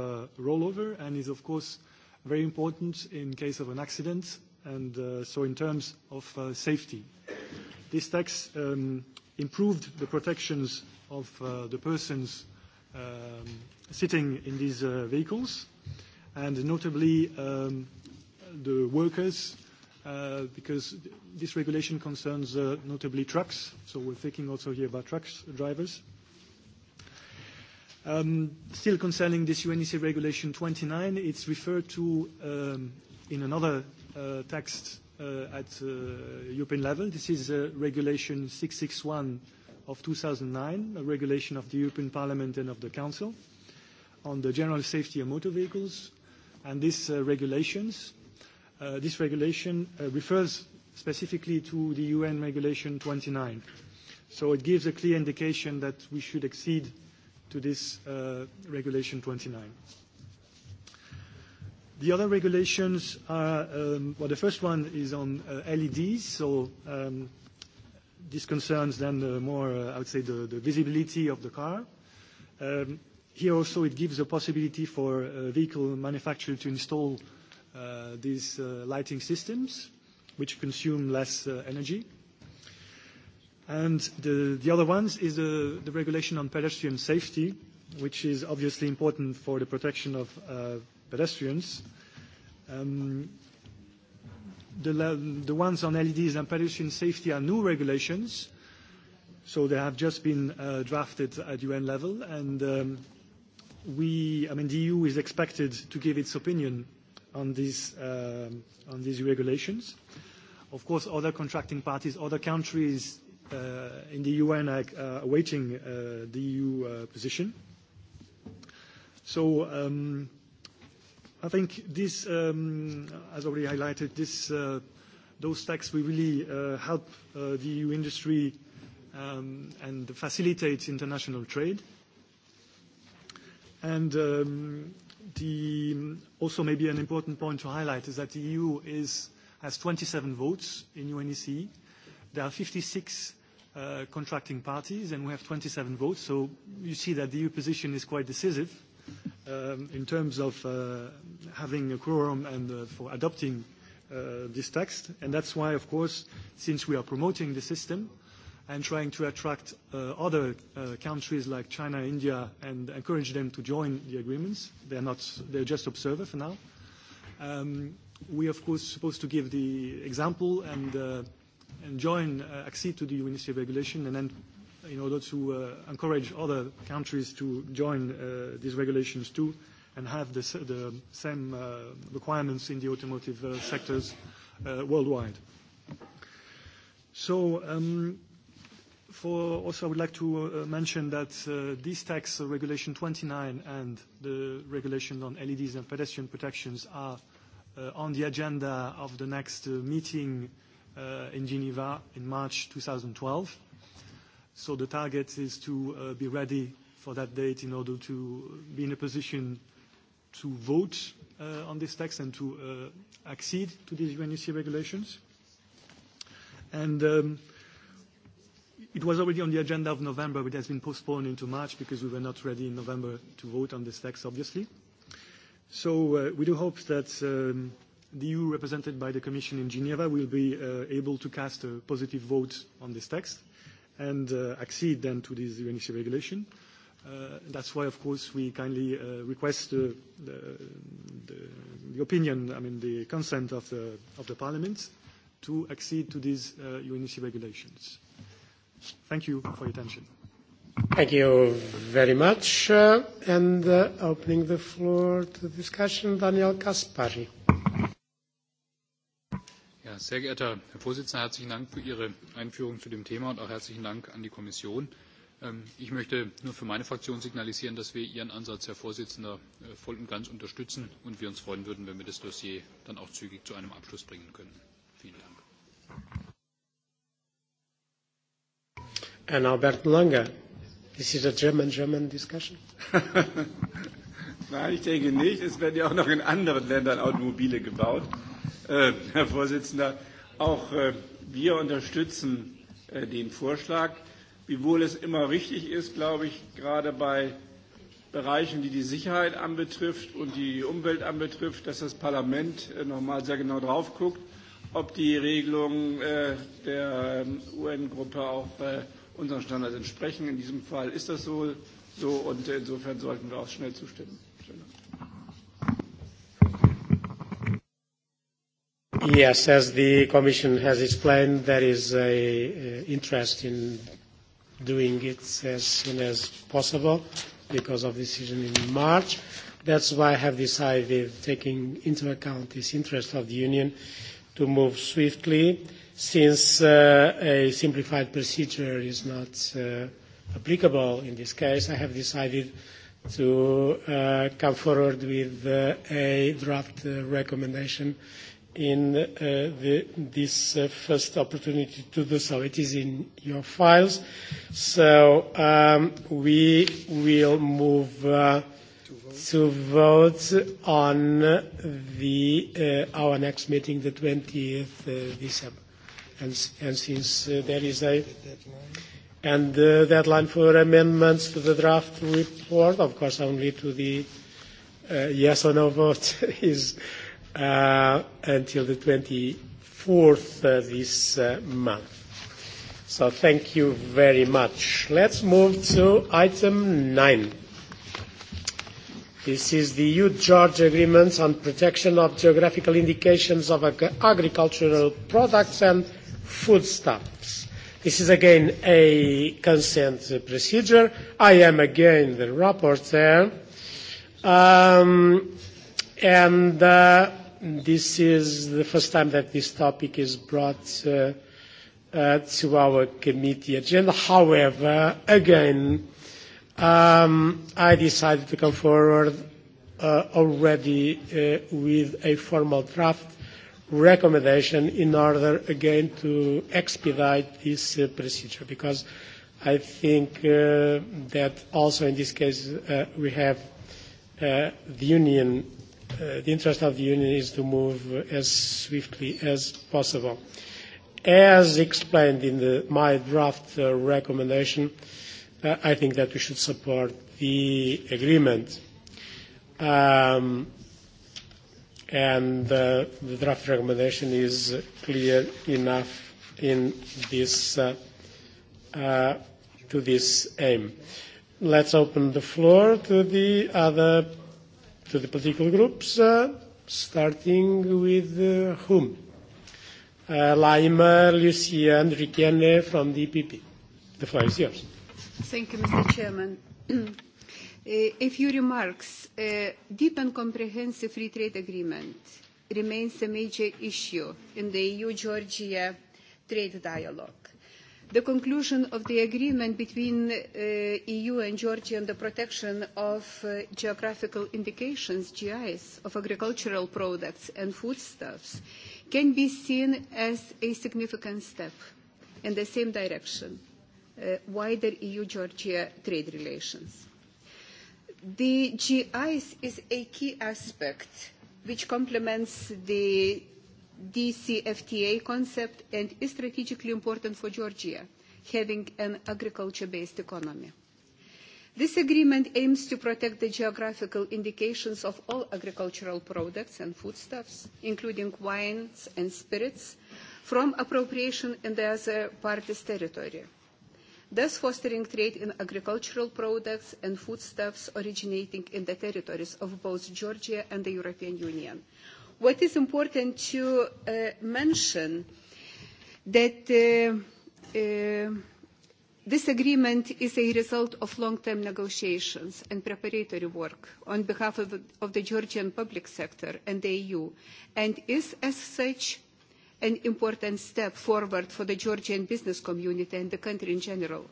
rollover and is, of course, very important in case of an accident and so in terms of safety. This tax improved the protections of the persons sitting in these vehicles and notably the workers because this regulation concerns notably trucks. So we're thinking also here about trucks drivers Still concerning this UNEC Regulation 29, it's referred to in another text at European level. This is Regulation 661 of 2009, a regulation of the European Parliament and of the Council on the general safety of motor vehicles. And this regulations, this regulation refers specifically to the UN Regulation 29. So it gives a clear indication that we should exceed to this uh, Regulation 29. The other regulations are, um, well, the first one is on uh, LEDs, so um, this concerns then the more, I would say, the, the visibility of the car. here also it gives a possibility for a vehicle manufacturer to install these lighting systems, which consume less energy. And the, the other ones is the, the regulation on pedestrian safety, which is obviously important for the protection of uh, pedestrians. Um, the, the ones on LEDs and pedestrian safety are new regulations, so they have just been uh, drafted at UN level, and um, we, I mean, the EU is expected to give its opinion on these, uh, on these regulations. Of course, other contracting parties, other countries in the UN are awaiting the EU position. So I think this, as already highlighted, this those tax will really help the EU industry and facilitate international trade. And the also maybe an important point to highlight is that the EU is has 27 votes in UNECE. There are 56 contracting parties, and we have 27 votes. So you see that the EU position is quite decisive in terms of having a quorum and for adopting this text. And that's why, of course, since we are promoting the system and trying to attract other countries like China, India, and encourage them to join the agreements, they're not, they're just observer for now. We, of course, supposed to give the example and join, uh, accede to the UNECE regulation and then in order to uh, encourage other countries to join uh, these regulations too and have the, the same uh, requirements in the automotive uh, sectors uh, worldwide. So um, for also I would like to uh, mention that uh, these tax uh, regulation 29 and the regulation on LEDs and pedestrian protections are uh, on the agenda of the next uh, meeting uh, in Geneva in March 2012. So the target is to be ready for that date in order to be in a position to vote on this text and to accede to these UNEC regulations. And it was already on the agenda of November, but it has been postponed into March because we were not ready in November to vote on this text, obviously. So we do hope that the EU represented by the Commission in Geneva will be uh, able to cast a positive vote on this text and uh, accede then to this UNEC regulation. Uh, that's why, of course, we kindly uh, request uh, the, the, the opinion, I mean, the consent of the, of the Parliament to accede to these uh, UNEC regulations.
Thank you for your attention. Thank you very much. Uh, and uh, opening the floor to discussion, Daniel Kaspari.
Sehr geehrter Herr Vorsitzender, herzlichen Dank für Ihre Einführung zu dem Thema und auch herzlichen Dank an die Kommission. Ich möchte nur für meine Fraktion signalisieren, dass wir Ihren Ansatz, Herr Vorsitzender, voll und ganz unterstützen und wir uns freuen würden, wenn wir das Dossier dann auch zügig zu einem Abschluss bringen können. Vielen Dank.
And Albert Lange. This is a German-German discussion.
Nein, ich denke nicht. Es werden ja auch noch in anderen Ländern Automobile gebaut. Äh, Herr Vorsitzender, auch äh, wir unterstützen äh, den Vorschlag, wiewohl es immer richtig ist, glaube ich, gerade bei Bereichen, die die Sicherheit anbetrifft und die Umwelt anbetrifft, dass das Parlament äh, mal sehr genau drauf guckt, ob die Regelungen äh, der UN-Gruppe auch äh, unseren Standards entsprechen. In diesem Fall ist das so, so und insofern sollten wir auch schnell
zustimmen. Yes, as the Commission has explained, there is an interest in doing it as soon as possible because of decision in March. That's why I have decided, taking into account this interest of the Union, to move swiftly since a simplified procedure is not applicable in this case. I have decided to uh, come forward with uh, a draft uh, recommendation in uh, the, this uh, first opportunity to do so. It is in your files. So um, we will move uh, to vote on the, uh, our next meeting, the 20th uh, December. And, and since uh, there is a And the deadline for amendments to the draft report, of course, only to the uh, yes or no vote, is uh, until the 24th uh, this uh, month. So thank you very much. Let's move to item 9. This is the EU-George agreements on protection of geographical indications of agricultural products and foodstuffs. This is again a consent procedure. I am again the rapporteur. Um, and uh, this is the first time that this topic is brought uh, uh, to our committee agenda. However, again, um, I decided to come forward uh, already uh, with a formal draft recommendation in order again to expedite this uh, procedure because I think uh, that also in this case uh, we have uh, the union, uh, the interest of the union is to move as swiftly as possible. As explained in the, my draft uh, recommendation, uh, I think that we should support the agreement. Um, and the draft recommendation is clear enough in this to this aim. Let's open the floor to the other to the political groups, uh, starting with uh, whom? Uh, Laima, Lucia, and from the EPP. The floor is yours.
Thank you, Mr. Chairman a few remarks. A deep and comprehensive free trade agreement remains a major issue in the EU-Georgia trade dialogue. The conclusion of the agreement between the EU and Georgia on the protection of geographical indications, GIs, of agricultural products and foodstuffs can be seen as a significant step in the same direction, wider EU-Georgia trade relations. The GI is a key aspect which complements the DCFTA concept and is strategically important for Georgia, having an agriculture-based economy. This agreement aims to protect the geographical indications of all agricultural products and foodstuffs, including wines and spirits, from appropriation in the other party's territory thus fostering trade in agricultural products and foodstuffs originating in the territories of both Georgia and the European Union. What is important to mention that this agreement is a result of long-term negotiations and preparatory work on behalf of the Georgian public sector and the EU, and is, as such, an important step forward for the Georgian business community and the country in general.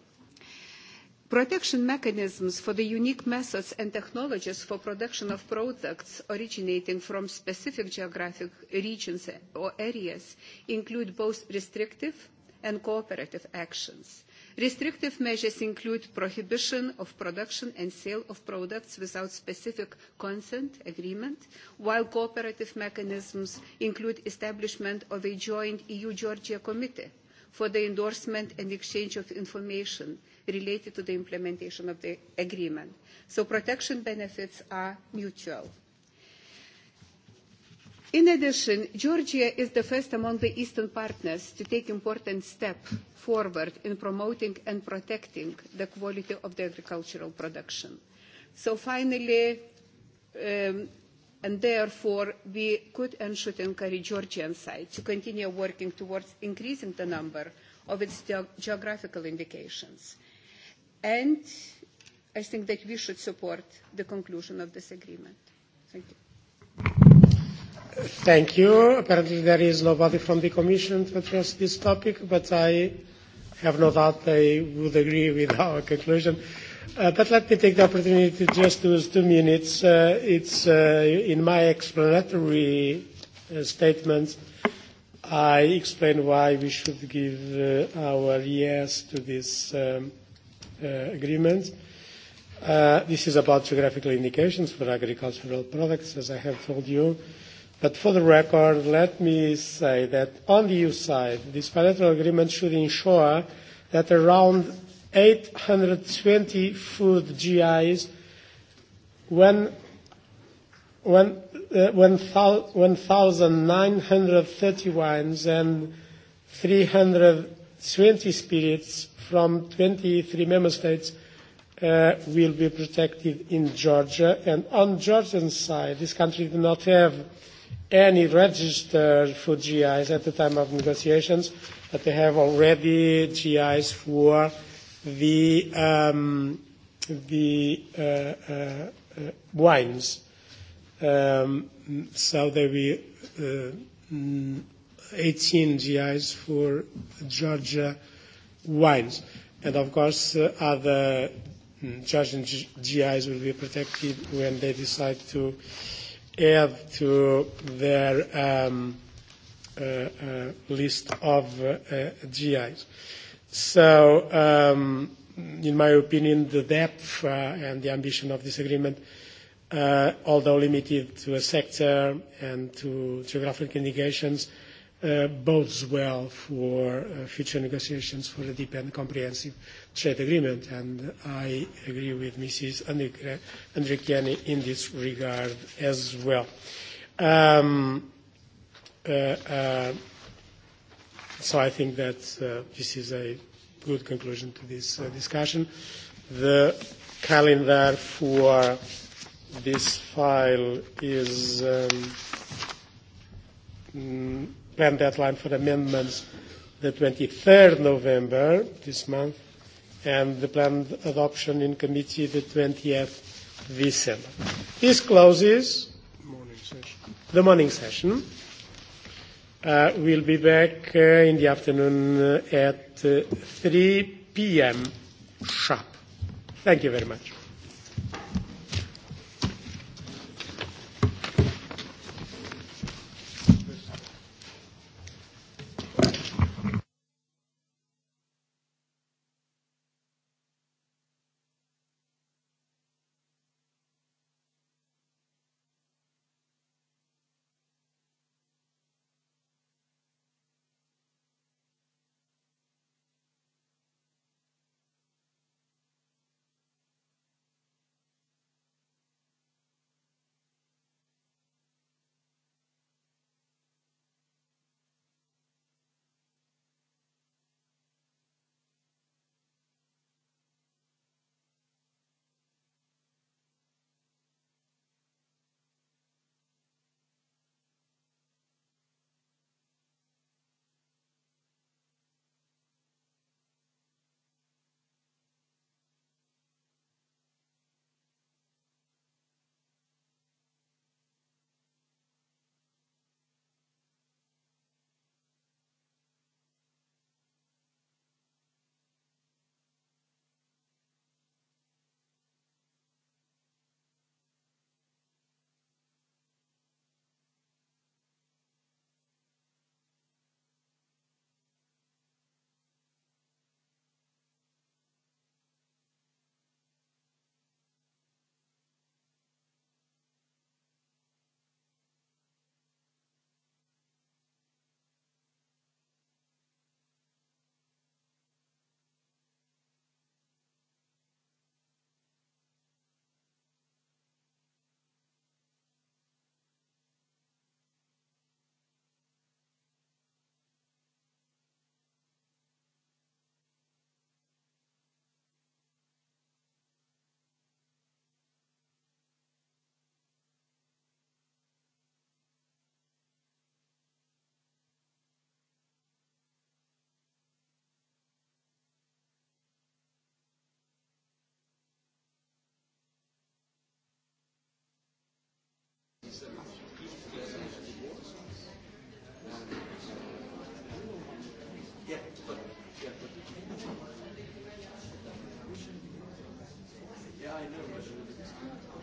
Protection mechanisms for the unique methods and technologies for production of products originating from specific geographic regions or areas include both restrictive and cooperative actions Restrictive measures include prohibition of production and sale of products without specific consent agreement, while cooperative mechanisms include establishment of a joint EU-Georgia committee for the endorsement and exchange of information related to the implementation of the agreement. So protection benefits are mutual. In addition, Georgia is the first among the Eastern partners to take important steps forward in promoting and protecting the quality of the agricultural production. So finally, and therefore, we could and should encourage Georgian side to continue working towards increasing the number of its geographical indications. And I think that we should support the conclusion of this agreement. Thank you.
Thank you. Apparently there is nobody from the Commission to address this topic, but I have no doubt they would agree with our conclusion. Uh, but let me take the opportunity to just use two minutes. Uh, it's uh, in my explanatory uh, statement. I explain why we should give uh, our yes to this um, uh, agreement. Uh, this is about geographical indications for agricultural products, as I have told you. Uh, But for the record, let me say that on the EU side, this bilateral agreement should ensure that around 820 food GIs, 1,930 wines, and 320 spirits from 23 member states uh, will be protected in Georgia. And on Georgian side, this country did not have any registered food GIs at the time of negotiations, but they have already GIs for the um, the uh, uh, uh, wines. Um, so there will be uh, 18 GIs for Georgia wines, and of course uh, other Georgian GIs will be protected when they decide to. Uh, add to their um, uh, uh, list of uh, uh, GIs. So, um, in my opinion, the depth uh, and the ambition of this agreement, uh, although limited to a sector and to geographic indications, uh, bodes well for future negotiations for a deep and comprehensive trade agreement. And I agree with Mrs. Andrikiani in this regard as well. so I think that this is a good conclusion to this discussion. The calendar for this file is Plan deadline for amendments the 23rd November this month, and the planned adoption in committee the 20th December. This closes morning session. the morning session. Uh, we'll be back uh, in the afternoon at uh, 3 p.m. sharp. Thank you very much.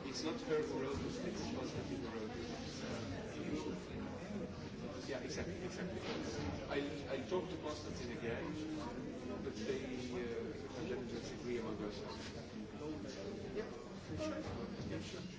It's not her who wrote
those things, it was the who wrote it. Yeah, exactly, exactly. I, I talked to Constantine again, but they uh, didn't disagree among ourselves. Yeah, sure. Yeah, sure.